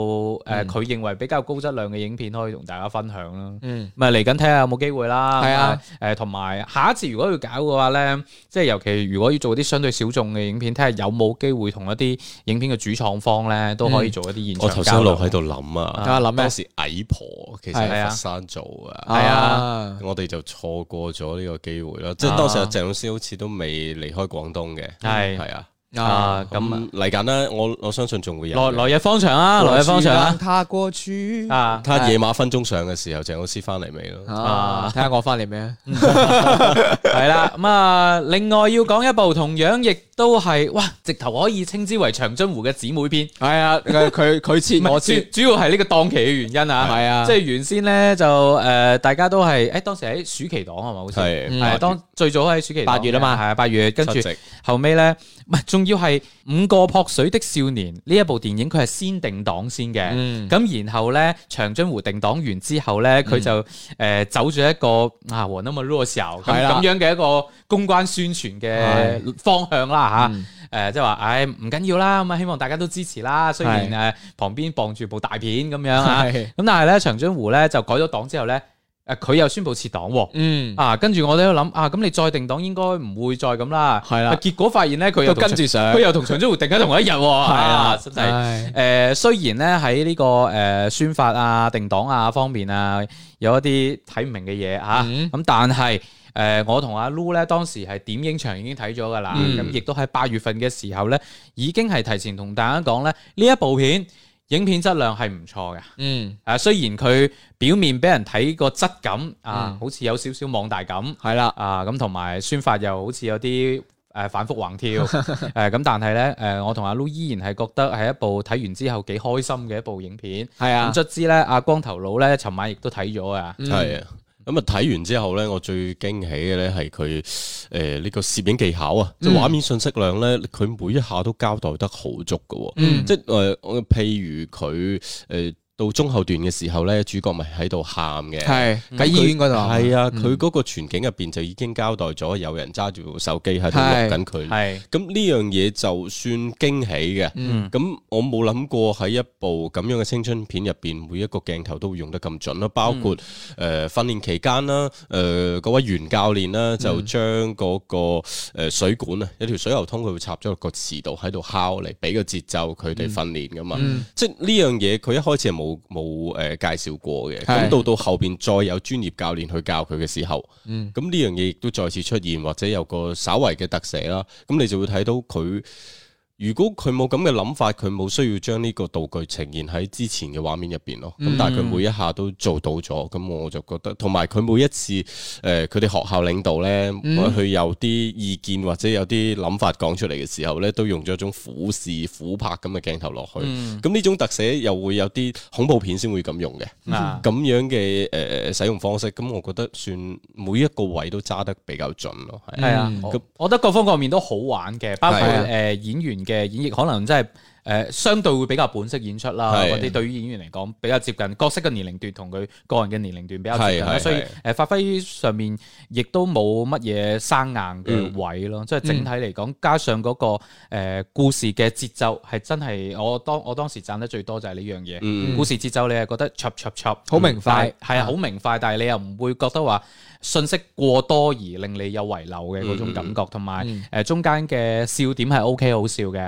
誒，佢、呃嗯、認為比較高質量嘅影片可以同大家分享啦。嗯，咪嚟緊睇下有冇機會啦。係、嗯、是啊、呃，誒，同埋下一次如果要搞嘅話咧，即係尤其如果要做啲相對小眾嘅影片，睇下有冇機會同一啲影片嘅主創方咧都可以做一啲現場交流。我頭先老喺度諗啊，家、啊、當時矮婆其實係佛山做啊，係啊，我哋就錯過咗呢個機會咯。啊、即係當時阿鄭老師好似都未離開廣東嘅，係係啊。啊，咁嚟緊啦！我我相信仲會有來，來日方長啊，來日方長啊！他過去啊，他野馬分鬃上嘅時候，鄭老師翻嚟未咯？啊，睇下、啊、我翻嚟未？係啦， 咁、嗯、啊，另外要講一部同樣亦。都係哇，直頭可以稱之為長津湖嘅姊妹篇。係啊，佢佢切，唔係我 主要係呢個檔期嘅原因啊。係啊，即係原先咧就誒、呃，大家都係誒、欸，當時喺暑期檔啊咪？好似係當月最早喺暑期八月啊嘛，係、嗯、啊八月，跟住出席 後尾咧，唔係仲要係五個撲水的少年呢一部電影，佢係先定檔先嘅。咁、嗯、然後咧，長津湖定檔完之後咧，佢就誒走咗一個啊，和那麼羅少咁樣嘅一個公關宣傳嘅方向啦、嗯。嗯嗯嗯嗯嗯啊，誒、呃，即、就是哎、係話，誒，唔緊要啦，咁啊，希望大家都支持啦。雖然誒，是旁邊傍住部大片咁樣啊，咁是但係咧，長津湖咧就改咗檔之後咧，誒，佢又宣布撤檔喎。嗯，啊，跟住我哋都諗啊，咁、嗯啊啊、你再定檔應該唔會再咁啦。係啦的、啊，結果發現咧，佢又跟住上，佢又同長津湖定喺同一日喎。啊，真係誒，雖然咧喺呢個誒宣發啊、定檔啊方面啊，有一啲睇唔明嘅嘢嚇，咁、啊啊、但係。但誒，我同阿 Lu 咧，當時係點映場已經睇咗噶啦，咁亦都喺八月份嘅時候咧，已經係提前同大家講咧，呢一部片影片質量係唔錯嘅。嗯，誒，雖然佢表面俾人睇個質感啊，好似有少少網大咁，係啦，啊，咁同埋宣發又好似有啲誒反復橫跳，誒，咁但係咧，誒，我同阿 Lu 依然係覺得係一部睇完之後幾開心嘅一部影片。係啊，咁卒之咧，阿光頭佬咧，尋晚亦都睇咗啊。係啊。咁啊！睇完之後咧，我最驚喜嘅咧係佢誒，呢、呃這個攝影技巧啊，嗯、即係畫面信息量咧，佢每一下都交代得好足㗎。嗯即，即係誒，我譬如佢誒。呃到中後段嘅時候咧，主角咪喺度喊嘅，係，喺醫院嗰度，係啊，佢嗰個全景入邊就已經交代咗，有人揸住部手機喺度錄緊佢，係咁呢樣嘢就算驚喜嘅，咁我冇諗過喺一部咁樣嘅青春片入邊，每一個鏡頭都會用得咁準啦，包括誒訓練期間啦，誒嗰位原教練啦，就將嗰個誒水管啊，有條水喉通佢會插咗個池度喺度敲嚟，俾個節奏佢哋訓練噶嘛，即係呢樣嘢，佢一開始係冇。冇誒、呃、介紹過嘅，咁到的到後邊再有專業教練去教佢嘅時候，咁呢、嗯、樣嘢亦都再次出現或者有個稍微嘅特寫啦，咁你就會睇到佢。如果佢冇咁嘅諗法，佢冇需要將呢個道具呈現喺之前嘅畫面入邊咯。咁、嗯、但係佢每一下都做到咗，咁我就覺得，同埋佢每一次誒佢哋學校領導咧，或者佢有啲意見或者有啲諗法講出嚟嘅時候咧，都用咗一種俯視俯拍咁嘅鏡頭落去。咁呢、嗯嗯、種特寫又會有啲恐怖片先會咁用嘅，咁、嗯、樣嘅誒、呃、使用方式，咁我覺得算每一個位都揸得比較準咯。係啊，嗯、那我覺得各方各面都好玩嘅，包括誒演員。嘅的。呃嘅演繹可能真係。誒，相對會比較本色演出啦，或者對於演員嚟講比較接近角色嘅年齡段同佢個人嘅年齡段比較接近，所以誒發揮上面亦都冇乜嘢生硬嘅位咯。即係整體嚟講，加上嗰個誒故事嘅節奏係真係我當我當時讚得最多就係呢樣嘢。故事節奏你係覺得 short short short 好明快，係啊好明快，但係你又唔會覺得話信息過多而令你有遺漏嘅種感覺，同埋誒中間嘅笑點係 OK 好笑嘅，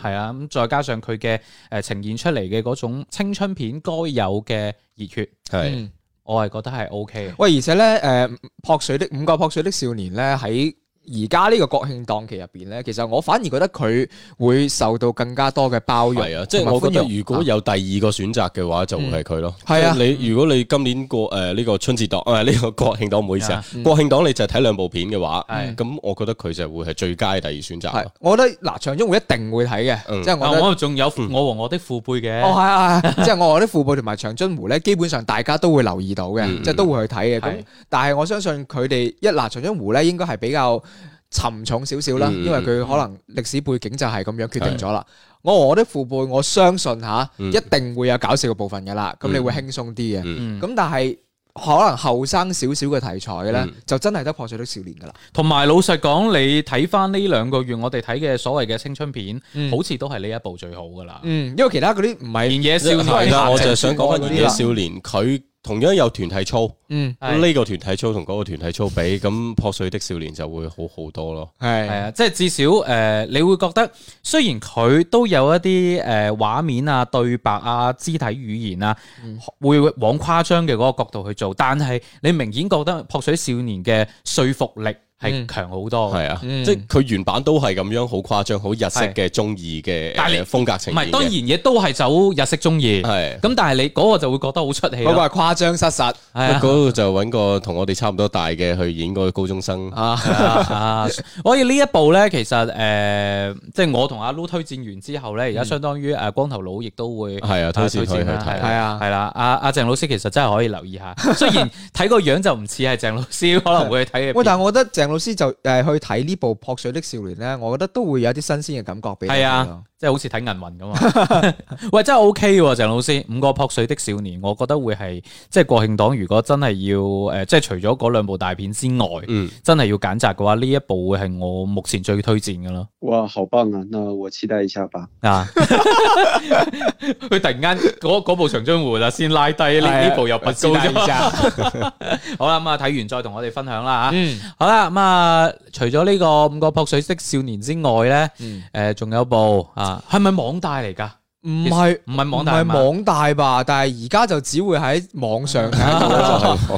係啊咁再。加上佢嘅誒呈現出嚟嘅嗰種青春片該有嘅熱血，是我係覺得係 OK 嘅。喂，而且咧誒，呃、撲水的五個撲水的少年咧喺。而家呢個國慶檔期入邊咧，其實我反而覺得佢會受到更加多嘅包容。啊！即係我覺得如果有第二個選擇嘅話，就會係佢咯。係啊，你如果你今年過誒呢個春節檔，誒呢個國慶檔，唔好意思啊。國慶檔你就係睇兩部片嘅話，咁我覺得佢就係會係最佳嘅第二選擇。我覺得嗱，長津湖一定會睇嘅，即係我仲有我和我的父輩嘅。哦，係啊，即係我和我的父輩同埋長津湖咧，基本上大家都會留意到嘅，即係都會去睇嘅。咁但係我相信佢哋一嗱長津湖咧，應該係比較沉重少少啦，因為佢可能歷史背景就係咁樣決定咗啦。的我和我的父輩，我相信吓一定會有搞笑嘅部分嘅啦。咁、嗯、你會輕鬆啲嘅。咁、嗯、但係可能後生少少嘅題材咧，嗯、就真係得《撲水的少年》噶啦。同埋老實講，你睇翻呢兩個月我哋睇嘅所謂嘅青春片，嗯、好似都係呢一部最好噶啦、嗯。因為其他嗰啲唔係年野少年啦，我就想講翻年野少年佢。同樣有團體操，嗯，呢個團體操同嗰個團體操比，咁的撲水的少年就會好好多咯。係係啊，即係的的至少誒、呃，你會覺得雖然佢都有一啲誒畫面啊、對白啊、肢體語言啊，嗯、會往誇張嘅嗰個角度去做，但係你明顯覺得撲水少年嘅說服力。係強好多，係、嗯、啊，嗯、即係佢原版都係咁樣誇張，好誇張，好日式嘅中二嘅風格情，唔係當然亦都係走日式中二，係咁，但係你嗰個就會覺得好出戲，嗰個係誇張失實，實，係嗰的、啊、個就揾個同我哋差唔多大嘅去演嗰個高中生 啊所、啊啊、以呢一部咧，其實誒，即、呃、係、就是、我同阿 Lu 推薦完之後咧，而家相當於誒光頭佬亦都會係、嗯、啊，推薦佢睇，係啊，係、啊、啦，阿阿鄭老師其實真係可以留意下，雖然睇個樣就唔似係鄭老師可能會去睇，但係我覺得鄭。老師就誒去睇呢部《撲水的少年》咧，我覺得都會有一啲新鮮嘅感覺俾你。係啊，即係好似睇銀魂咁嘛， 喂，真係 O K 嘅，鄭老師，《五個撲水的少年》，我覺得會係即係國慶檔，如果真係要誒、呃，即係除咗嗰兩部大片之外，嗯、真係要揀擇嘅話，呢一部會係我目前最推薦嘅啦。哇，好棒啊！那我期待一下吧。啊，佢突然間嗰部《長津湖》啊，先拉低呢呢、哎、呀部又拔高 好啦，咁啊，睇完再同我哋分享啦吓。嗯，嗯好啦。嗯啊！除咗呢個五個撲水的少年之外呢誒，仲有部啊，係咪網大嚟噶？唔係是，唔係網，唔係網大吧？但係而家就只會喺網上睇，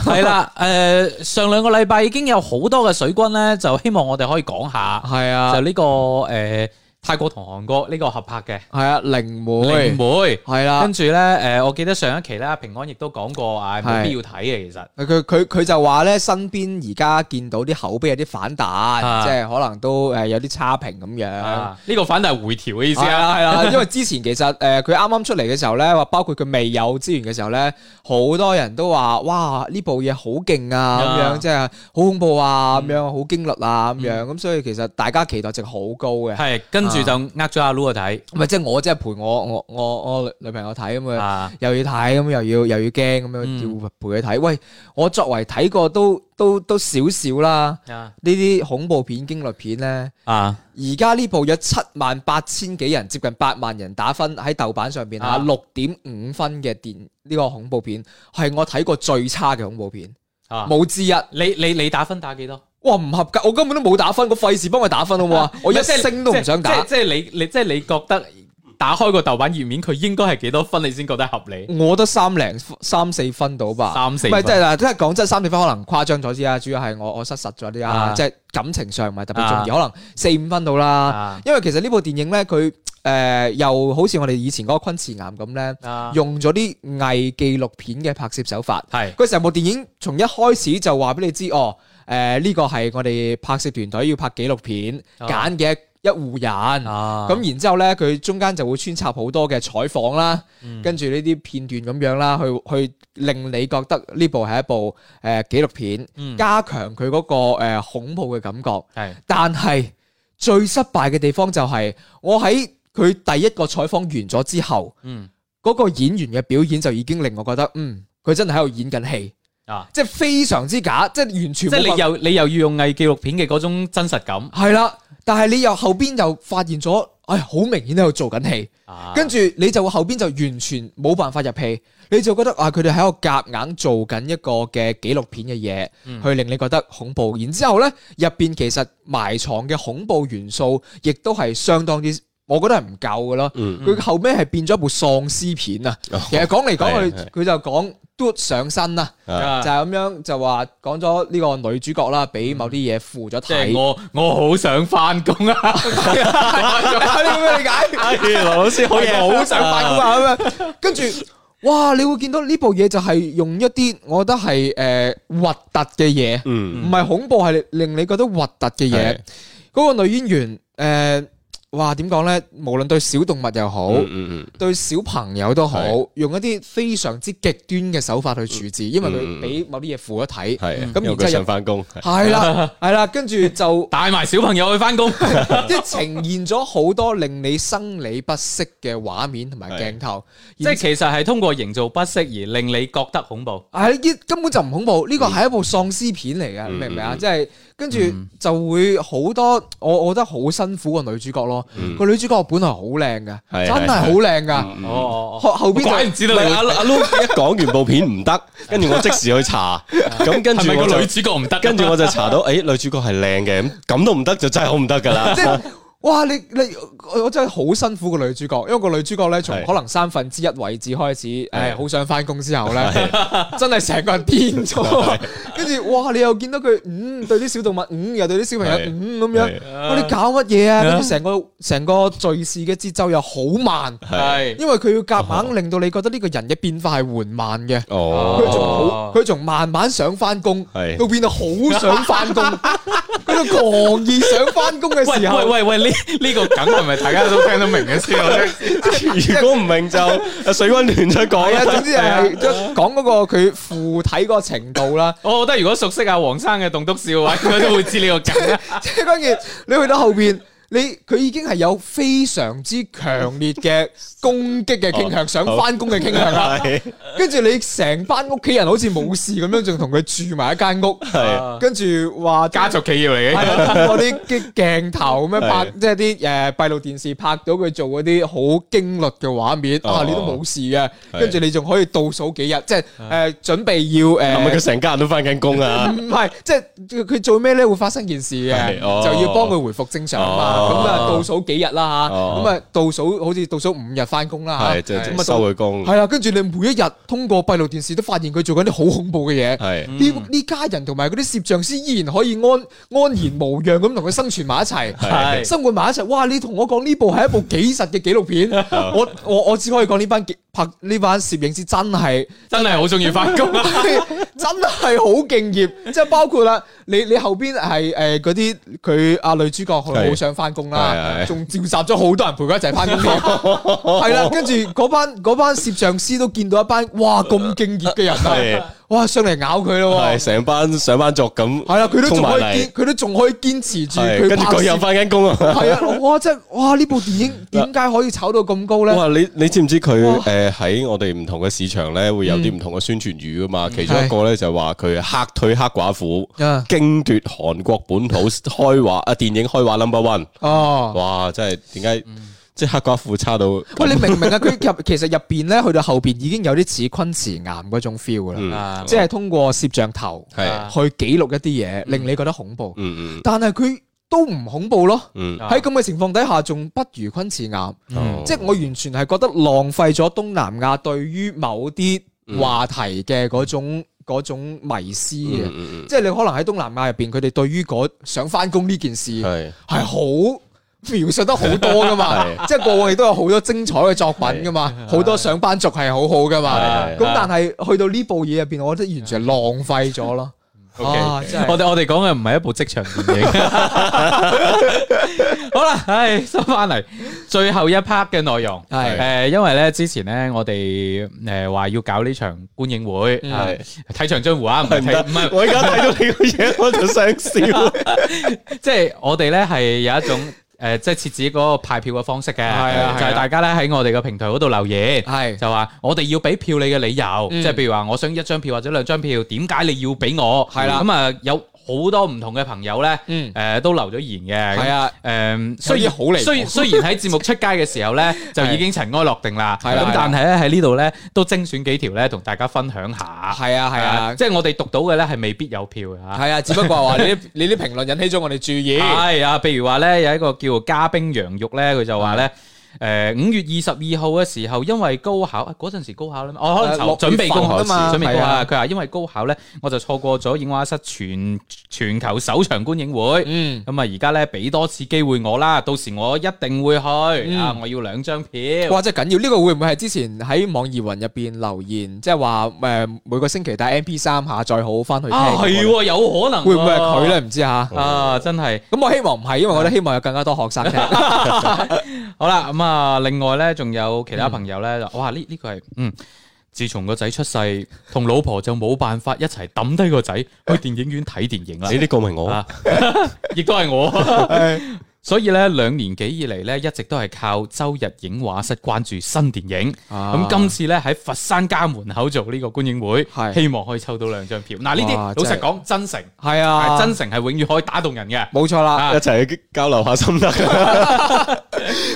係啦。誒、呃，上兩個禮拜已經有好多嘅水軍呢，就希望我哋可以講下，係啊，就呢、這個誒。呃泰國同韓國呢個合拍嘅，係啊，靈媒，靈媒係啦，跟住咧，誒，我記得上一期咧，平安亦都講過，啊，冇必要睇嘅其實，佢佢佢就話咧，身邊而家見到啲口碑有啲反彈，即係可能都誒有啲差評咁樣，呢個反彈回調嘅意思啊，係啊，因為之前其實誒佢啱啱出嚟嘅時候咧，話包括佢未有資源嘅時候咧，好多人都話，哇，呢部嘢好勁啊，咁樣，即係好恐怖啊，咁樣，好驚慄啊，咁樣，咁所以其實大家期待值好高嘅，係跟住、啊、就呃咗阿 Loo 睇，唔係即係我即係、就是、陪我我我我女朋友睇咁啊又，又要睇咁又要又要驚咁樣，要陪佢睇。嗯、喂，我作為睇過都都都少少啦，呢啲、啊、恐怖片驚栗片咧，啊，而家呢部有七萬八千幾人接近八萬人打分喺豆瓣上邊吓六點五分嘅電呢、這個恐怖片係我睇過最差嘅恐怖片，啊，冇之一。你你你打分打幾多？哇，唔合格，我根本都冇打分，我費事幫佢打分啊！ 我一星都唔想打。即係你，你即係你覺得打開個豆瓣頁面，佢應該係幾多分？你先覺得合理？我得三零三四分到吧，三四。唔係即係嗱，即係講真，三四分可能誇張咗啲啊，主要係我我失實咗啲啊，即係的感情上唔係特別重要，的可能四五分到啦。的因為其實呢部電影咧，佢誒、呃、又好似我哋以前嗰個《昆池岩》咁咧，用咗啲偽記錄片嘅拍攝手法。係佢成部電影從一開始就話俾你知哦。誒，呢個係我哋拍攝團隊要拍紀錄片揀嘅一戶人，咁然之後呢，佢中間就會穿插好多嘅採訪啦，跟住呢啲片段咁樣啦，去去令你覺得呢部係一部誒紀錄片，加強佢嗰個誒恐怖嘅感覺。係，但係最失敗嘅地方就係，我喺佢第一個採訪完咗之後，嗰個演員嘅表演就已經令我覺得，嗯，佢真係喺度演緊戲。即係非常之假，即係完全即係你又你又要用偽紀錄片嘅嗰種真實感，係啦。但係你又後邊又發現咗，唉、哎，好明顯喺度做緊戲。跟住、啊、你就會後邊就完全冇辦法入戲，你就覺得啊，佢哋喺個夾硬做緊一個嘅紀錄片嘅嘢，嗯、去令你覺得恐怖。然之後呢，入邊其實埋藏嘅恐怖元素，亦都係相當之。我覺得係唔夠嘅咯，佢後尾係變咗一部喪屍片啊！其實講嚟講去，佢就講嘟上身啦，就係咁樣就話講咗呢個女主角啦，俾某啲嘢附咗體。我我好想翻工啊！啲咩理解？老師可以 好想翻工啊咁樣。跟住哇，你會見到呢部嘢就係用一啲我覺得係誒核突嘅嘢，唔係、嗯、恐怖，係令你覺得核突嘅嘢。嗰的、那個女演員誒。呃呃呃呃嗯呃哇，點講呢？無論對小動物又好，對小朋友都好，用一啲非常之極端嘅手法去處置，因為佢俾某啲嘢腐一睇，係咁，又想翻工，係啦，係啦，跟住就帶埋小朋友去翻工，即係呈現咗好多令你生理不適嘅畫面同埋鏡頭。即係其實係通過營造不適而令你覺得恐怖。係根本就唔恐怖，呢個係一部喪屍片嚟嘅，明唔明啊？即係。跟住就會好多，我覺得好辛苦個女主角咯。個、嗯、女主角本來好靚嘅，係係係係真係好靚噶。嗯嗯、後後邊鬼唔知道。阿阿 Loo 一講完一部片唔得，跟住我即時去查，咁跟住個女主角唔得，啊，跟住我就查到，誒、欸、女主角係靚嘅，咁咁都唔得就真係好唔得噶啦。 哇！你你我真係好辛苦個女主角，因為個女主角咧，從可能三分之一位置開始，誒，好想翻工，之後咧，真係成個人癲咗。跟住哇！你又見到佢，嗯，對啲小動物，嗯，又對啲小朋友，嗯，咁樣，你搞乜嘢啊？咁啊，成個成個敘事嘅節奏又好慢，係，因為佢要夾硬，令到你覺得呢個人嘅變化係緩慢嘅。哦，佢從好，佢從慢慢想翻工，係，到變到好想翻工，嗰個狂熱想翻工嘅時候，喂喂喂，你。呢個梗係咪大家都聽得明嘅先？ 如果唔明就水温暖再講啦。總之係講嗰個佢附體個程度啦。我覺得如果熟悉阿黃生嘅棟篤笑嘅話，佢應該都會知呢個梗。即係關鍵，你去到後邊。 你佢已經係有非常之強烈嘅攻擊嘅傾向，想翻工嘅傾向啦。跟住你成班屋企人好似冇事咁樣，仲同佢住埋一間屋。跟住話家族企業嚟嘅，嗰啲啲鏡頭咁樣拍，即係啲誒閉路電視拍到佢做嗰啲好驚慄嘅畫面。啊，你都冇事嘅，跟住你仲可以倒數幾日，即係誒準備要誒。係咪佢成家人都翻緊工啊？唔係，即係佢做咩咧會發生件事嘅，就要幫佢回復正常。咁啊，倒數幾日啦吓，咁啊，倒數好似倒數五日翻工啦吓，乜收佢工？係啦，跟住你每一日通過閉路電視都發現佢做緊啲好恐怖嘅嘢，呢呢家人同埋嗰啲攝像師依然可以安安然無恙咁同佢生存埋一齊，生活埋一齊。哇！你同我講呢部係一部紀實嘅紀錄片，我我我只可以講呢班拍呢班攝影師真係真係好中意翻工，真係好敬業。即係包括啦，你你後邊係誒嗰啲佢阿女主角好想翻。工啦，仲召集咗好多人陪佢一齊返工，係啦， 跟住嗰班嗰班攝像師都見到一班哇咁敬業嘅人。 哇！上嚟咬佢咯，係成班上班族咁，係啦，佢都仲可以，佢都仲可以堅持住，跟住佢又翻緊工啊！係啊！哇！真係哇！呢部電影點解可以炒到咁高咧？哇！你你知唔知佢誒喺我哋唔同嘅市場咧會有啲唔同嘅宣傳語噶嘛？其中一個咧就係話佢嚇退黑寡婦，驚奪韓國本土開畫啊！電影開畫 number one 哦！哇！真係點解？即黑寡婦差到，喂，你明唔明啊？佢入其實入邊咧，去到後邊已經有啲似昆池岩嗰種 feel 啦，即係通過攝像頭去記錄一啲嘢，令你覺得恐怖。但係佢都唔恐怖咯。喺咁嘅情況底下，仲不如昆池岩。即係我完全係覺得浪費咗東南亞對於某啲話題嘅嗰種嗰種迷思嘅。即係你可能喺東南亞入邊，佢哋對於想返工呢件事係係好。描述得好多噶嘛，即係個個亦都有好多精彩嘅作品噶嘛，好多上班族係好好噶嘛。咁但係去到呢部嘢入邊，我覺得完全係浪費咗咯。我哋我哋講嘅唔係一部職場電影。好啦，唉，收翻嚟，最後一 part 嘅內容係誒，因為咧之前咧我哋誒話要搞呢場觀影會，係睇長津湖啱唔得？唔係我而家睇到呢個嘢，我就想笑。即係我哋咧係有一種。誒、呃、即係設置嗰個派票嘅方式嘅，啊、就係大家咧喺、啊、我哋嘅平台嗰度留言，啊、就話我哋要畀票你嘅理由，嗯、即係譬如話，我想一張票或者兩張票，點解你要畀我？係啦、啊，咁、嗯、啊有。好多唔同嘅朋友咧，誒都留咗言嘅，係啊，誒雖然好離，雖雖然喺節目出街嘅時候咧，就已經塵埃落定啦。咁但係咧喺呢度咧，都精選幾條咧，同大家分享下。係啊，係啊，即係我哋讀到嘅咧，係未必有票嘅。係啊，只不過話你啲你啲評論引起咗我哋注意。係啊，譬如話咧有一個叫加冰羊肉咧，佢就話咧。誒，五月二十二號嘅時候，因為高考嗰陣時高考啦，我可能準備高考啊嘛，準備啊，佢話因為高考咧，我就錯過咗映畫室全全球首場觀影會。嗯，咁啊，而家咧俾多次機會我啦，到時我一定會去啊！我要兩張票。哇，真係緊要！呢個會唔會係之前喺網易雲入邊留言，即係話誒每個星期帶 MP 三下載好翻去聽？啊，係有可能。會唔會係佢咧？唔知吓啊！真係。咁我希望唔係，因為我都希望有更加多學生聽。好啦。啊！另外咧，仲有其他朋友咧，就、嗯、哇呢呢、呢個係、呢個、嗯，自從個仔出世，同 老婆就冇辦法一齊抌低個仔去電影院睇電影啦。你呢個咪我，亦都係我。 所以咧兩年幾以嚟咧，一直都係靠周日映畫室關注新電影。咁今次咧喺佛山家門口做呢個觀影會，係希望可以抽到兩張票。嗱，呢啲老實講，真誠係啊，真誠係永遠可以打動人嘅。冇錯啦，一齊交流下心得。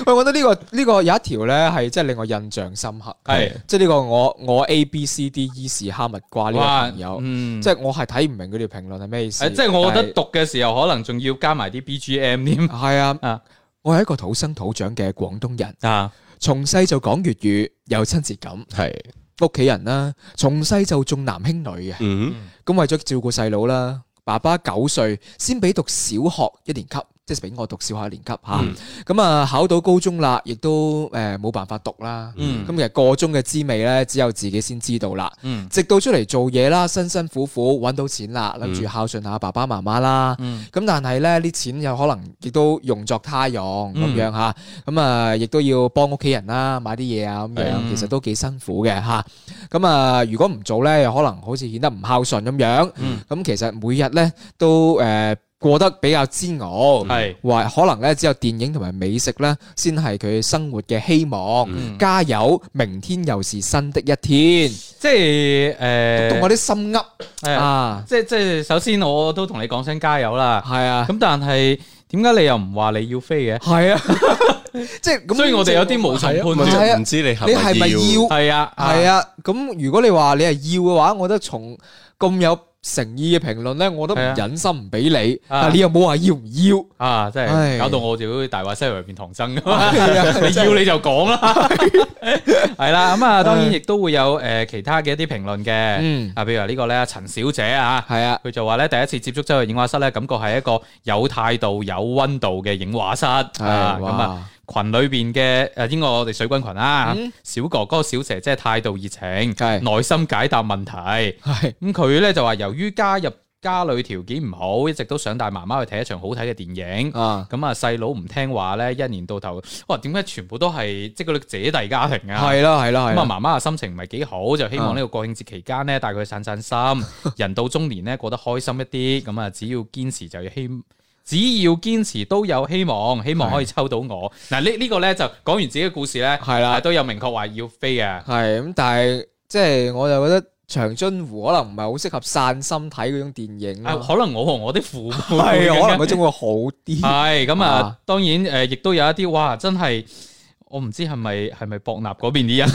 喂，我覺得呢個呢個有一條咧係真係令我印象深刻。係即係呢個我我 A B C D E 是哈密瓜呢個朋友，嗯，即係我係睇唔明佢條評論係咩意思。即係我覺得讀嘅時候可能仲要加埋啲 B G M 添。係啊，我係一個土生土長嘅廣東人啊，從細就講粵語，又有親切感。係，屋企人啦，從細就重男輕女嘅。嗯，咁為咗照顧細佬啦，爸爸九歲先俾讀小學一年級。即係俾我讀小學一年級嚇，咁啊考到高中啦，亦都誒冇辦法讀啦。咁其實個中嘅滋味咧，只有自己先知道啦。直到出嚟做嘢啦，辛辛苦苦揾到錢啦，諗住孝順下爸爸媽媽啦。咁但係咧，啲錢有可能亦都用作他用咁樣嚇。咁啊，亦都要幫屋企人啦，買啲嘢啊咁樣，其實都幾辛苦嘅嚇。咁啊，如果唔做咧，又可能好似顯得唔孝順咁樣。咁其實每日咧都誒。過得比較煎熬，話可能咧只有電影同埋美食咧，先係佢生活嘅希望。加油，明天又是新的一天。即係誒，我啲心噏啊！即即係首先，我都同你講聲加油啦。係啊，咁但係點解你又唔話你要飛嘅？係啊，即係咁。所以我哋有啲無從判斷，唔知你你係咪要？係啊，係啊。咁如果你話你係要嘅話，我覺得從咁有。誠意嘅評論咧，我都唔忍心唔俾你，啊、但你又冇話要唔要啊，即係搞到我好似大話西遊入面唐僧咁啊！哎、呀 你要你就講啦，係啦，咁啊，當然亦都會有誒其他嘅一啲評論嘅，啊、嗯，譬如話呢個咧，陳小姐啊，係啊、嗯，佢就話咧，第一次接觸周日影畫室咧，感覺係一個有態度，有溫度，有温度嘅影畫室啊，咁啊。群裏邊嘅誒，應該我哋水軍群啦，嗯、小哥哥、小姐姐態度熱情，係是耐心解答問題，係咁，佢咧就話由於加入家裏條件唔好，一直都想帶媽媽去睇一場好睇嘅電影，啊咁啊細佬唔聽話咧，一年到頭，哇點解全部都係即係嗰啲姐弟家庭啊？係啦係啦，咁啊媽媽嘅心情唔係幾好，就希望呢個國慶節期間咧帶佢散散心，嗯、 人到中年咧過得開心一啲，咁啊只要堅持就要希。只要堅持都有希望，希望可以抽到我。嗱呢呢個咧就講完自己嘅故事咧，係啦的，都有明確話要飛嘅。係咁，但係即係我就覺得長津湖可能唔係好適合散心睇嗰種電影，啊。可能我同我啲父母可能佢仲會好啲。係咁啊，當然誒，亦、呃、都有一啲哇，真係我唔知係咪係咪博納嗰邊啲人，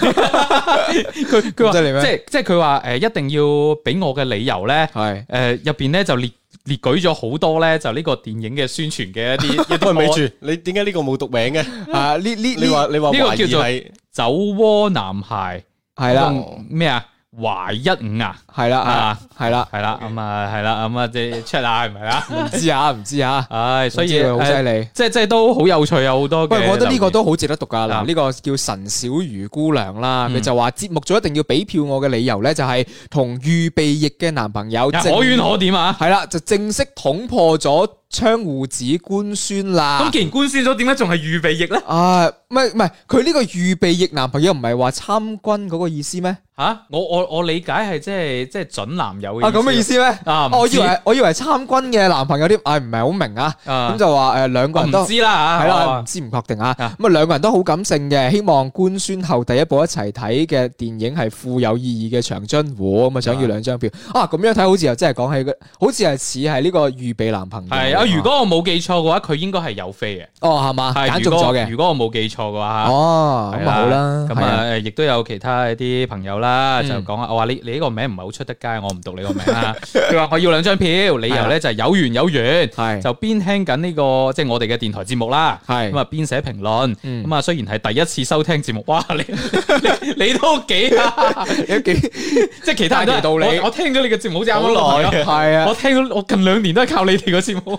佢佢話即係即係佢話誒，一定要俾我嘅理由咧。係誒入邊咧就列。列舉咗好多咧，就呢個電影嘅宣傳嘅一啲 一啲咪住，你點解呢個冇讀名嘅？ 啊，呢呢呢，你話你話，呢個叫做《酒窩男孩》的，係啦咩啊？懷一五啊，係啦啊，係啦係啦，咁啊係啦，咁啊即 check 下係咪啦？唔知啊唔知啊，唉，所以好犀利，即係即係都好有趣有好多。喂，我覺得呢個都好值得讀噶嗱，呢個叫神小魚姑娘啦，佢就話節目組一定要俾票我嘅理由咧，就係同預備役嘅男朋友可冤可點啊，係啦，就正式捅破咗。窗戶紙官宣啦！咁、嗯、既然官宣咗，點解仲係預備役咧？啊，唔係唔係，佢呢個預備役男朋友唔係話參軍嗰個意思咩？吓、啊，我我我理解係即係即係準男友嘅意思。啊，咁嘅意思咩？我以為我以為參軍嘅男朋友啲，唉，唔係好明啊。咁、啊啊、就話誒，兩、啊、個人都知啦吓，係啦，唔、啊啊、知唔確定啊。咁啊，兩、啊、個人都好感性嘅，希望官宣後第一部一齊睇嘅電影係富有意義嘅長津湖，咁、嗯、 啊，想要兩張票啊。咁樣睇好似又真係講起，好似係似係呢個預備男朋友。如果我冇記錯嘅話，佢應該係有飛嘅。哦，係嘛？係。如果如果我冇記錯嘅話，哦咁好啦。咁啊，亦都有其他一啲朋友啦，就講啊，我話你你呢個名唔係好出得街，我唔讀你個名啦。佢話我要兩張票，理由咧就係有緣有緣。係，就邊聽緊呢個即係我哋嘅電台節目啦。咁啊，邊寫評論，咁啊，雖然係第一次收聽節目，哇！你你你都幾幾即係其他都係道理。我聽咗你嘅節目好長好耐啊。係啊，我聽我近兩年都係靠你哋嘅節目。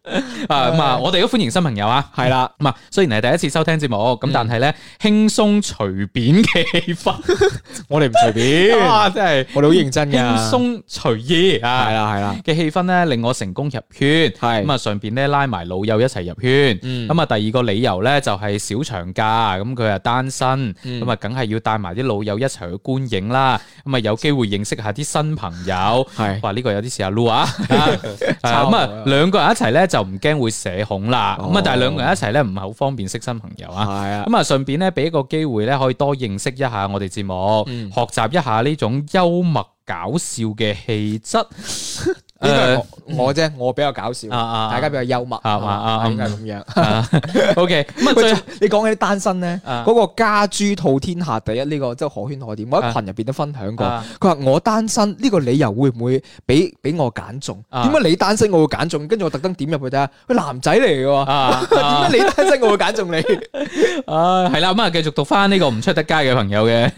啊咁啊！我哋都歡迎新朋友啊，係啦。咁啊，雖然係第一次收聽節目，咁但係咧輕鬆隨便嘅氣氛，我哋唔隨便啊！真係我哋好認真，輕鬆隨意啊！係啦係啦嘅氣氛咧，令我成功入圈。係咁啊，順便咧拉埋老友一齊入圈。咁啊，第二個理由咧就係小長假，咁佢啊單身，咁啊，梗係要帶埋啲老友一齊去觀影啦。咁啊，有機會認識下啲新朋友。係哇，呢個有啲似阿 Lu 啊。咁啊，兩個人一齊咧。就唔驚會社恐啦，咁啊、哦，但係兩個人一齊咧唔係好方便識新朋友啊，咁啊係啊，順便咧俾一個機會咧可以多認識一下我哋節目，嗯、學習一下呢種幽默搞笑嘅氣質。 我啫，我比較搞笑，大家比較幽默，係嘛，係點解咁樣？O K，咁啊，你講起單身咧，嗰個家豬套天下第一呢個即係可圈可點，我喺群入邊都分享過。佢話我單身呢個理由會唔會俾俾我揀中？點解你單身我會揀中？跟住我特登點入去睇下，佢男仔嚟嘅，點解你單身我會揀中你？啊，係啦，咁啊，繼續讀翻呢個唔出得街嘅朋友嘅，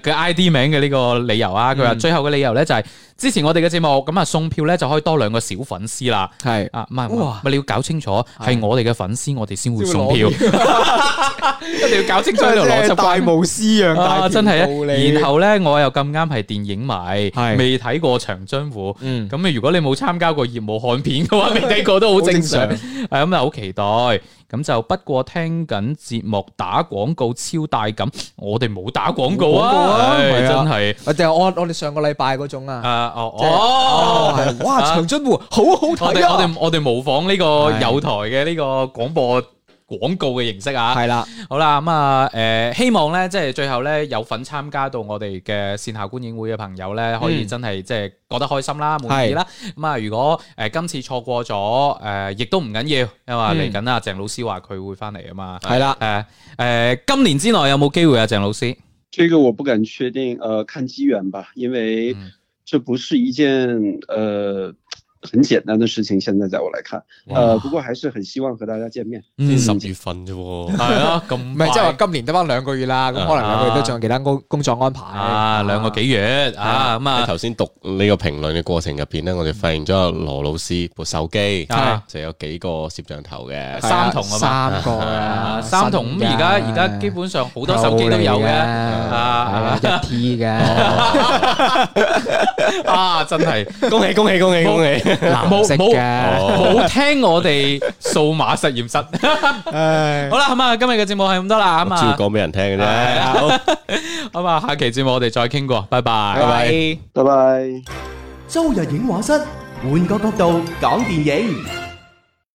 佢 I D 名嘅呢個理由啊。佢話最後嘅理由咧就係。之前我哋嘅節目咁啊，送票咧就可以多兩個小粉絲啦。係是啊，唔係，唔係，你要搞清楚係我哋嘅粉絲，我哋先會送票。票 一定要搞清楚呢條邏輯。大無私大啊，真係。你然後咧我又咁啱係電影迷，未睇是過長津湖。咁你、嗯、如果你冇參加過業務看片嘅話，未睇過都好正常。係咁啊， 嗯、好期待。咁就不過聽緊節目打廣告超大感，我哋冇打廣告啊，真係啊，就我我哋上個禮拜嗰種啊，誒哦哦，就是、哦哇長津湖好好睇啊，我哋我哋模仿呢個有台嘅呢個廣播。廣告嘅形式啊，係啦的，好啦，咁、嗯、啊，誒、呃，希望咧，即係最後咧，有份參加到我哋嘅線下觀影會嘅朋友咧，可以真係、嗯、即係覺得開心啦、滿意啦。咁啊的，如果誒、呃、今次錯過咗，誒、呃，亦都唔緊要，因為嚟緊啊，鄭老師話佢會翻嚟啊嘛。係啦的，誒，誒，今年之內有冇機會啊，鄭老師？呢個我不敢確定，誒、呃，看機緣吧，因為這不是一件，誒、呃。很簡單的事情，現在在我來看，呃，不過還是很希望和大家見面。十月份啫喎，係啊，咁，唔係即係話今年得翻兩個月啦，可能兩個月都仲有其他工工作安排啊，兩個幾月啊，咁啊，頭先讀呢個評論嘅過程入邊咧，我哋發現咗阿羅老師部手機就有幾個攝像頭嘅三筒，三個三筒，咁而家而家基本上好多手機都有嘅一 T 嘅，啊，真係恭喜恭喜恭喜恭喜！嗱，冇冇冇好聽我哋數碼實驗室。好啦，咁啊，今日嘅節目係咁多啦，咁啊，主要講俾人聽嘅啫。好，咁啊，下期節目我哋再傾過，拜拜，拜拜，拜拜。周日映畫室，換個角度講電影。